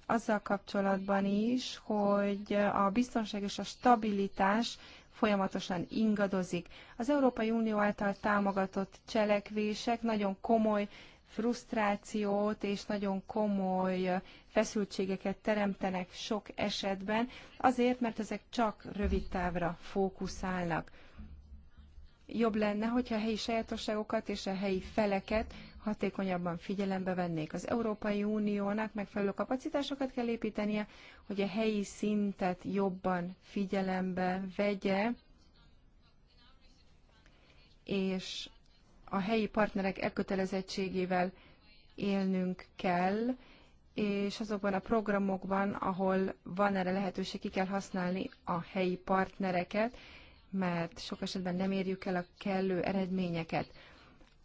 S3: azzal kapcsolatban is, hogy a biztonság és a stabilitás folyamatosan ingadozik. Az Európai Unió által támogatott cselekvések nagyon komoly frusztrációt és nagyon komoly feszültségeket teremtenek sok esetben, azért, mert ezek csak rövid távra fókuszálnak. Jobb lenne, hogyha a helyi sajátosságokat és a helyi feleket hatékonyabban figyelembe vennék. Az Európai Uniónak megfelelő kapacitásokat kell építenie, hogy a helyi szintet jobban figyelembe vegye, és a helyi partnerek elkötelezettségével élnünk kell, és azokban a programokban, ahol van erre lehetőség, ki kell használni a helyi partnereket, mert sok esetben nem érjük el a kellő eredményeket.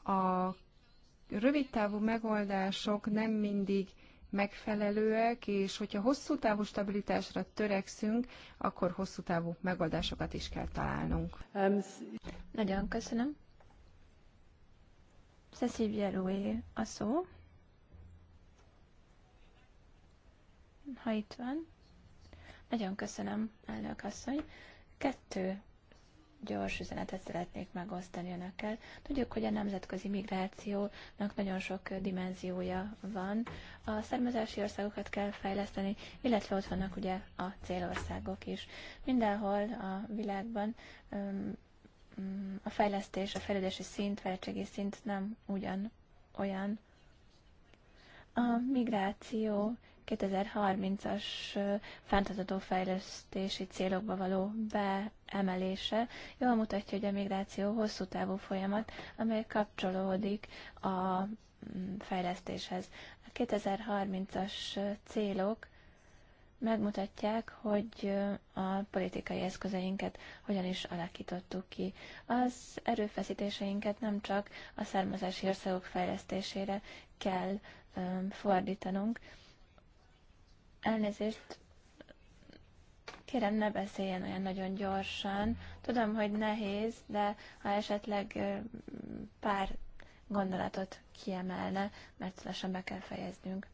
S3: A rövidtávú megoldások nem mindig megfelelőek, és hogyha hosszú távú stabilitásra törekszünk, akkor hosszú távú megoldásokat is kell találnunk.
S1: Um, Nagyon köszönöm. Cecilia Loué a szó. Ha itt van. Nagyon köszönöm, elnök asszony. Kettő gyors üzenetet szeretnék megosztani önökkel. Tudjuk, hogy a nemzetközi migrációnak nagyon sok dimenziója van. A származási országokat kell fejleszteni, illetve ott vannak ugye a célországok is. Mindenhol a világban a fejlesztés, a fejlődési szint, fejlettségi szint nem ugyan olyan. A migráció 2030-as fenntartható fejlesztési célokba való beemelése jól mutatja, hogy a migráció hosszú távú folyamat, amely kapcsolódik a mm, fejlesztéshez. A 2030-as célok megmutatják, hogy a politikai eszközeinket hogyan is alakítottuk ki. Az erőfeszítéseinket nem csak a származási országok fejlesztésére kell fordítanunk. Elnézést, kérem ne beszéljen olyan nagyon gyorsan. Tudom, hogy nehéz, de ha esetleg pár gondolatot kiemelne, mert lassan be kell fejeznünk.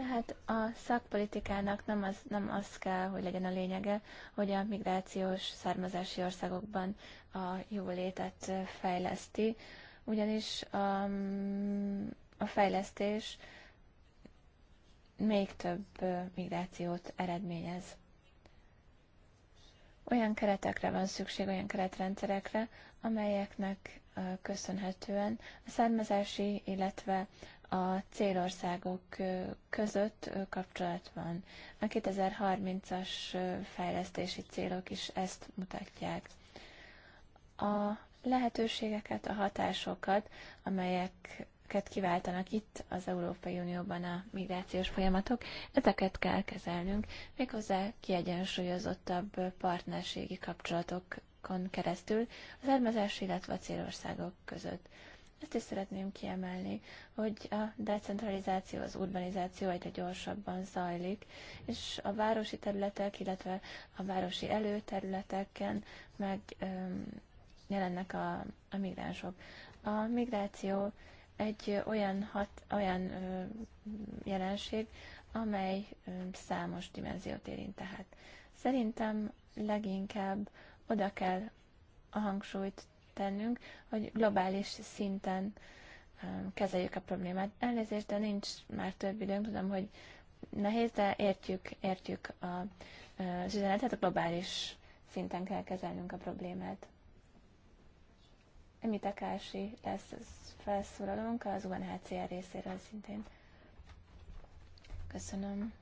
S1: Tehát a szakpolitikának nem az, nem az kell, hogy legyen a lényege, hogy a migrációs származási országokban a jólétet fejleszti, ugyanis a, um, a fejlesztés még több migrációt eredményez. Olyan keretekre van szükség, olyan keretrendszerekre, amelyeknek köszönhetően a származási, illetve a célországok között kapcsolat van. A 2030-as fejlesztési célok is ezt mutatják. A lehetőségeket, a hatásokat, amelyeket kiváltanak itt az Európai Unióban a migrációs folyamatok, ezeket kell kezelnünk, méghozzá kiegyensúlyozottabb partnerségi kapcsolatokon keresztül az származás, illetve a célországok között. Ezt is szeretném kiemelni, hogy a decentralizáció, az urbanizáció egyre gyorsabban zajlik, és a városi területek, illetve a városi előterületeken meg öm, jelennek a, a migránsok. A migráció egy olyan, hat, olyan ö, jelenség, amely ö, számos dimenziót érint tehát. Szerintem leginkább oda kell a hangsúlyt tennünk, hogy globális szinten kezeljük a problémát. Elnézést, de nincs már több időnk, tudom, hogy nehéz, de értjük, értjük a, az üzenetet, a globális szinten kell kezelnünk a problémát. Emi Takási lesz felszólalónk az UNHCR részéről szintén. Köszönöm.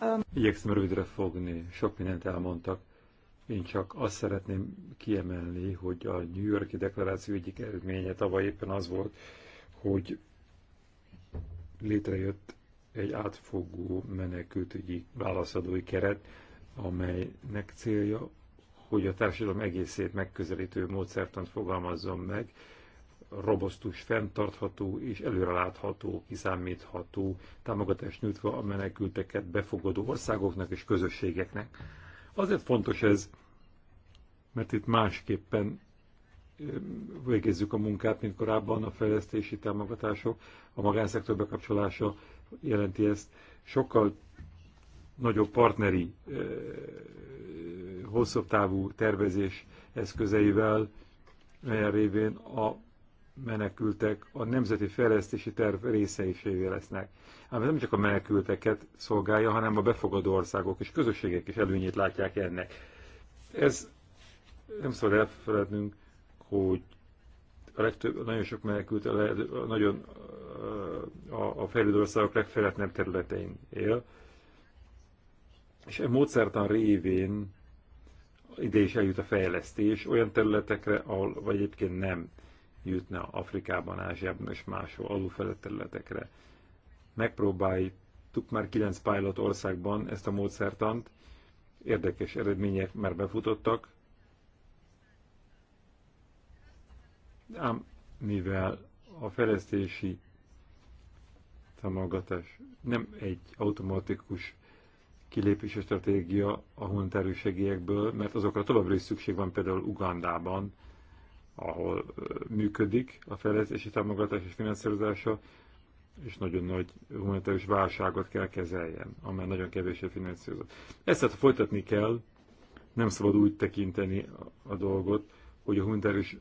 S1: Um,
S2: Igyekszem rövidre fogni, sok mindent elmondtak. Én csak azt szeretném kiemelni, hogy a New Yorki deklaráció egyik eredménye tavaly éppen az volt, hogy létrejött egy átfogó menekültügyi válaszadói keret, amelynek célja, hogy a társadalom egészét megközelítő módszertant fogalmazzon meg, robosztus, fenntartható és előrelátható, kiszámítható támogatást nyújtva a menekülteket befogadó országoknak és közösségeknek Azért fontos ez, mert itt másképpen végezzük a munkát, mint korábban a fejlesztési támogatások, a magánszektor bekapcsolása jelenti ezt. Sokkal nagyobb partneri, hosszabb távú tervezés eszközeivel, melyen révén a menekültek a nemzeti fejlesztési terv részeisévé lesznek. Ám ez nem csak a menekülteket szolgálja, hanem a befogadó országok és közösségek is előnyét látják ennek. Ez nem szabad elfelednünk, hogy a legtöbb, nagyon sok menekült a, a nagyon a, a fejlődő országok legfejletlenebb területein él, és egy módszertan révén ide is eljut a fejlesztés olyan területekre, ahol vagy egyébként nem jutna Afrikában, Ázsiában és máshol alulfelett területekre. Megpróbáltuk már kilenc pilot országban ezt a módszertant, érdekes eredmények már befutottak, ám mivel a fejlesztési támogatás nem egy automatikus kilépési stratégia a humanitárius segélyekből, mert azokra továbbra is szükség van például Ugandában, ahol működik a fejlesztési támogatás és finanszírozása, és nagyon nagy humanitárius válságot kell kezeljen, amely nagyon kevéssé finanszírozott. Ezt tehát folytatni kell, nem szabad úgy tekinteni a dolgot, hogy a humanitárius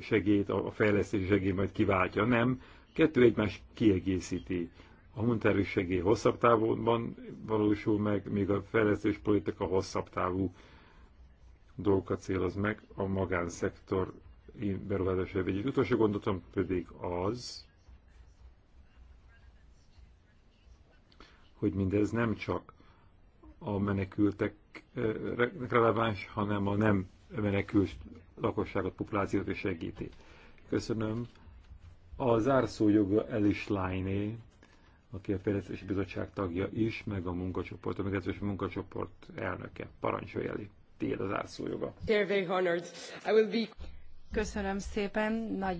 S2: segélyt, a fejlesztési segély majd kiváltja, nem, kettő egymás kiegészíti. A humanitárius segély hosszabb távon valósul meg, még a fejlesztés politika hosszabb távú dolgokat céloz meg a magánszektor beruházásai vegyét. Utolsó gondotom pedig az, hogy mindez nem csak a menekültek releváns, hanem a nem menekült lakosságot, populációt is segíti. Köszönöm. A zárszó joga Elis Lainé, aki a Fejlesztési Bizottság tagja is, meg a munkacsoport, a migrációs munkacsoport elnöke. Parancsolj, Eli! tiéd az átszójoga.
S3: Köszönöm szépen, nagy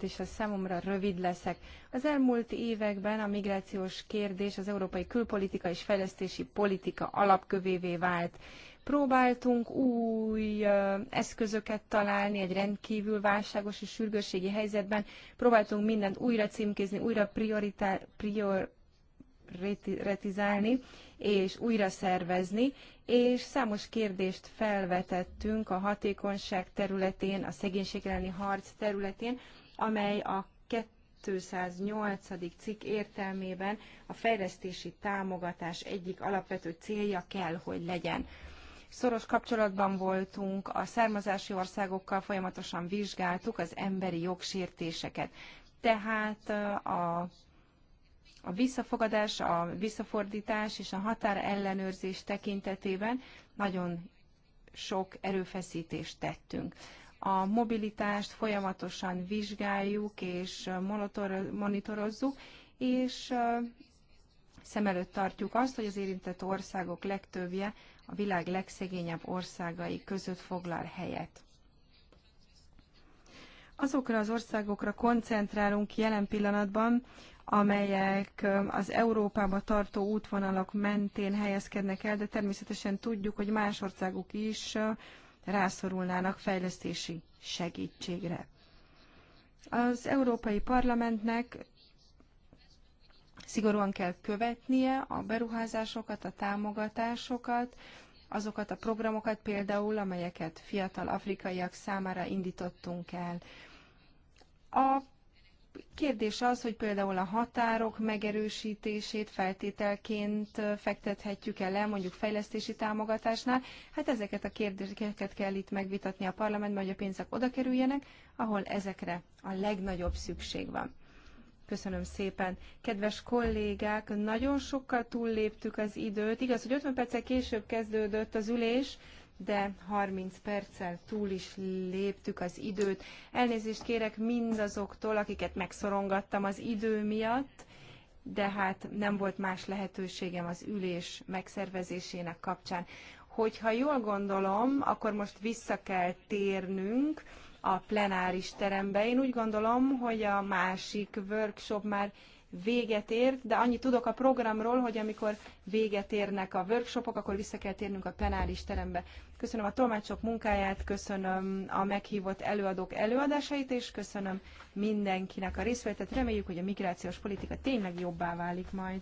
S3: és a számomra, rövid leszek. Az elmúlt években a migrációs kérdés az európai külpolitika és fejlesztési politika alapkövévé vált. Próbáltunk új eszközöket találni egy rendkívül válságos és sürgősségi helyzetben, próbáltunk mindent újra címkézni, újra prioritá- prior- retizálni és újra szervezni, és számos kérdést felvetettünk a hatékonyság területén, a szegénység elleni harc területén, amely a 208. cikk értelmében a fejlesztési támogatás egyik alapvető célja kell, hogy legyen. Szoros kapcsolatban voltunk, a származási országokkal folyamatosan vizsgáltuk az emberi jogsértéseket. Tehát a a visszafogadás, a visszafordítás és a határ ellenőrzés tekintetében nagyon sok erőfeszítést tettünk. A mobilitást folyamatosan vizsgáljuk és monitorozzuk, és szem előtt tartjuk azt, hogy az érintett országok legtöbbje a világ legszegényebb országai között foglal helyet. Azokra az országokra koncentrálunk jelen pillanatban, amelyek az Európába tartó útvonalak mentén helyezkednek el, de természetesen tudjuk, hogy más országok is rászorulnának fejlesztési segítségre. Az Európai Parlamentnek szigorúan kell követnie a beruházásokat, a támogatásokat, azokat a programokat például, amelyeket fiatal afrikaiak számára indítottunk el. A Kérdés az, hogy például a határok megerősítését feltételként fektethetjük el le, mondjuk fejlesztési támogatásnál. Hát ezeket a kérdéseket kell itt megvitatni a parlamentben, hogy a pénzek oda kerüljenek, ahol ezekre a legnagyobb szükség van. Köszönöm szépen. Kedves kollégák, nagyon sokkal túlléptük az időt. Igaz, hogy 50 perccel később kezdődött az ülés, de 30 perccel túl is léptük az időt. Elnézést kérek mindazoktól, akiket megszorongattam az idő miatt, de hát nem volt más lehetőségem az ülés megszervezésének kapcsán. Hogyha jól gondolom, akkor most vissza kell térnünk a plenáris terembe. Én úgy gondolom, hogy a másik workshop már véget ért, de annyit tudok a programról, hogy amikor véget érnek a workshopok, akkor vissza kell térnünk a plenáris terembe köszönöm a tolmácsok munkáját, köszönöm a meghívott előadók előadásait, és köszönöm mindenkinek a részvételt. Reméljük, hogy a migrációs politika tényleg jobbá válik majd.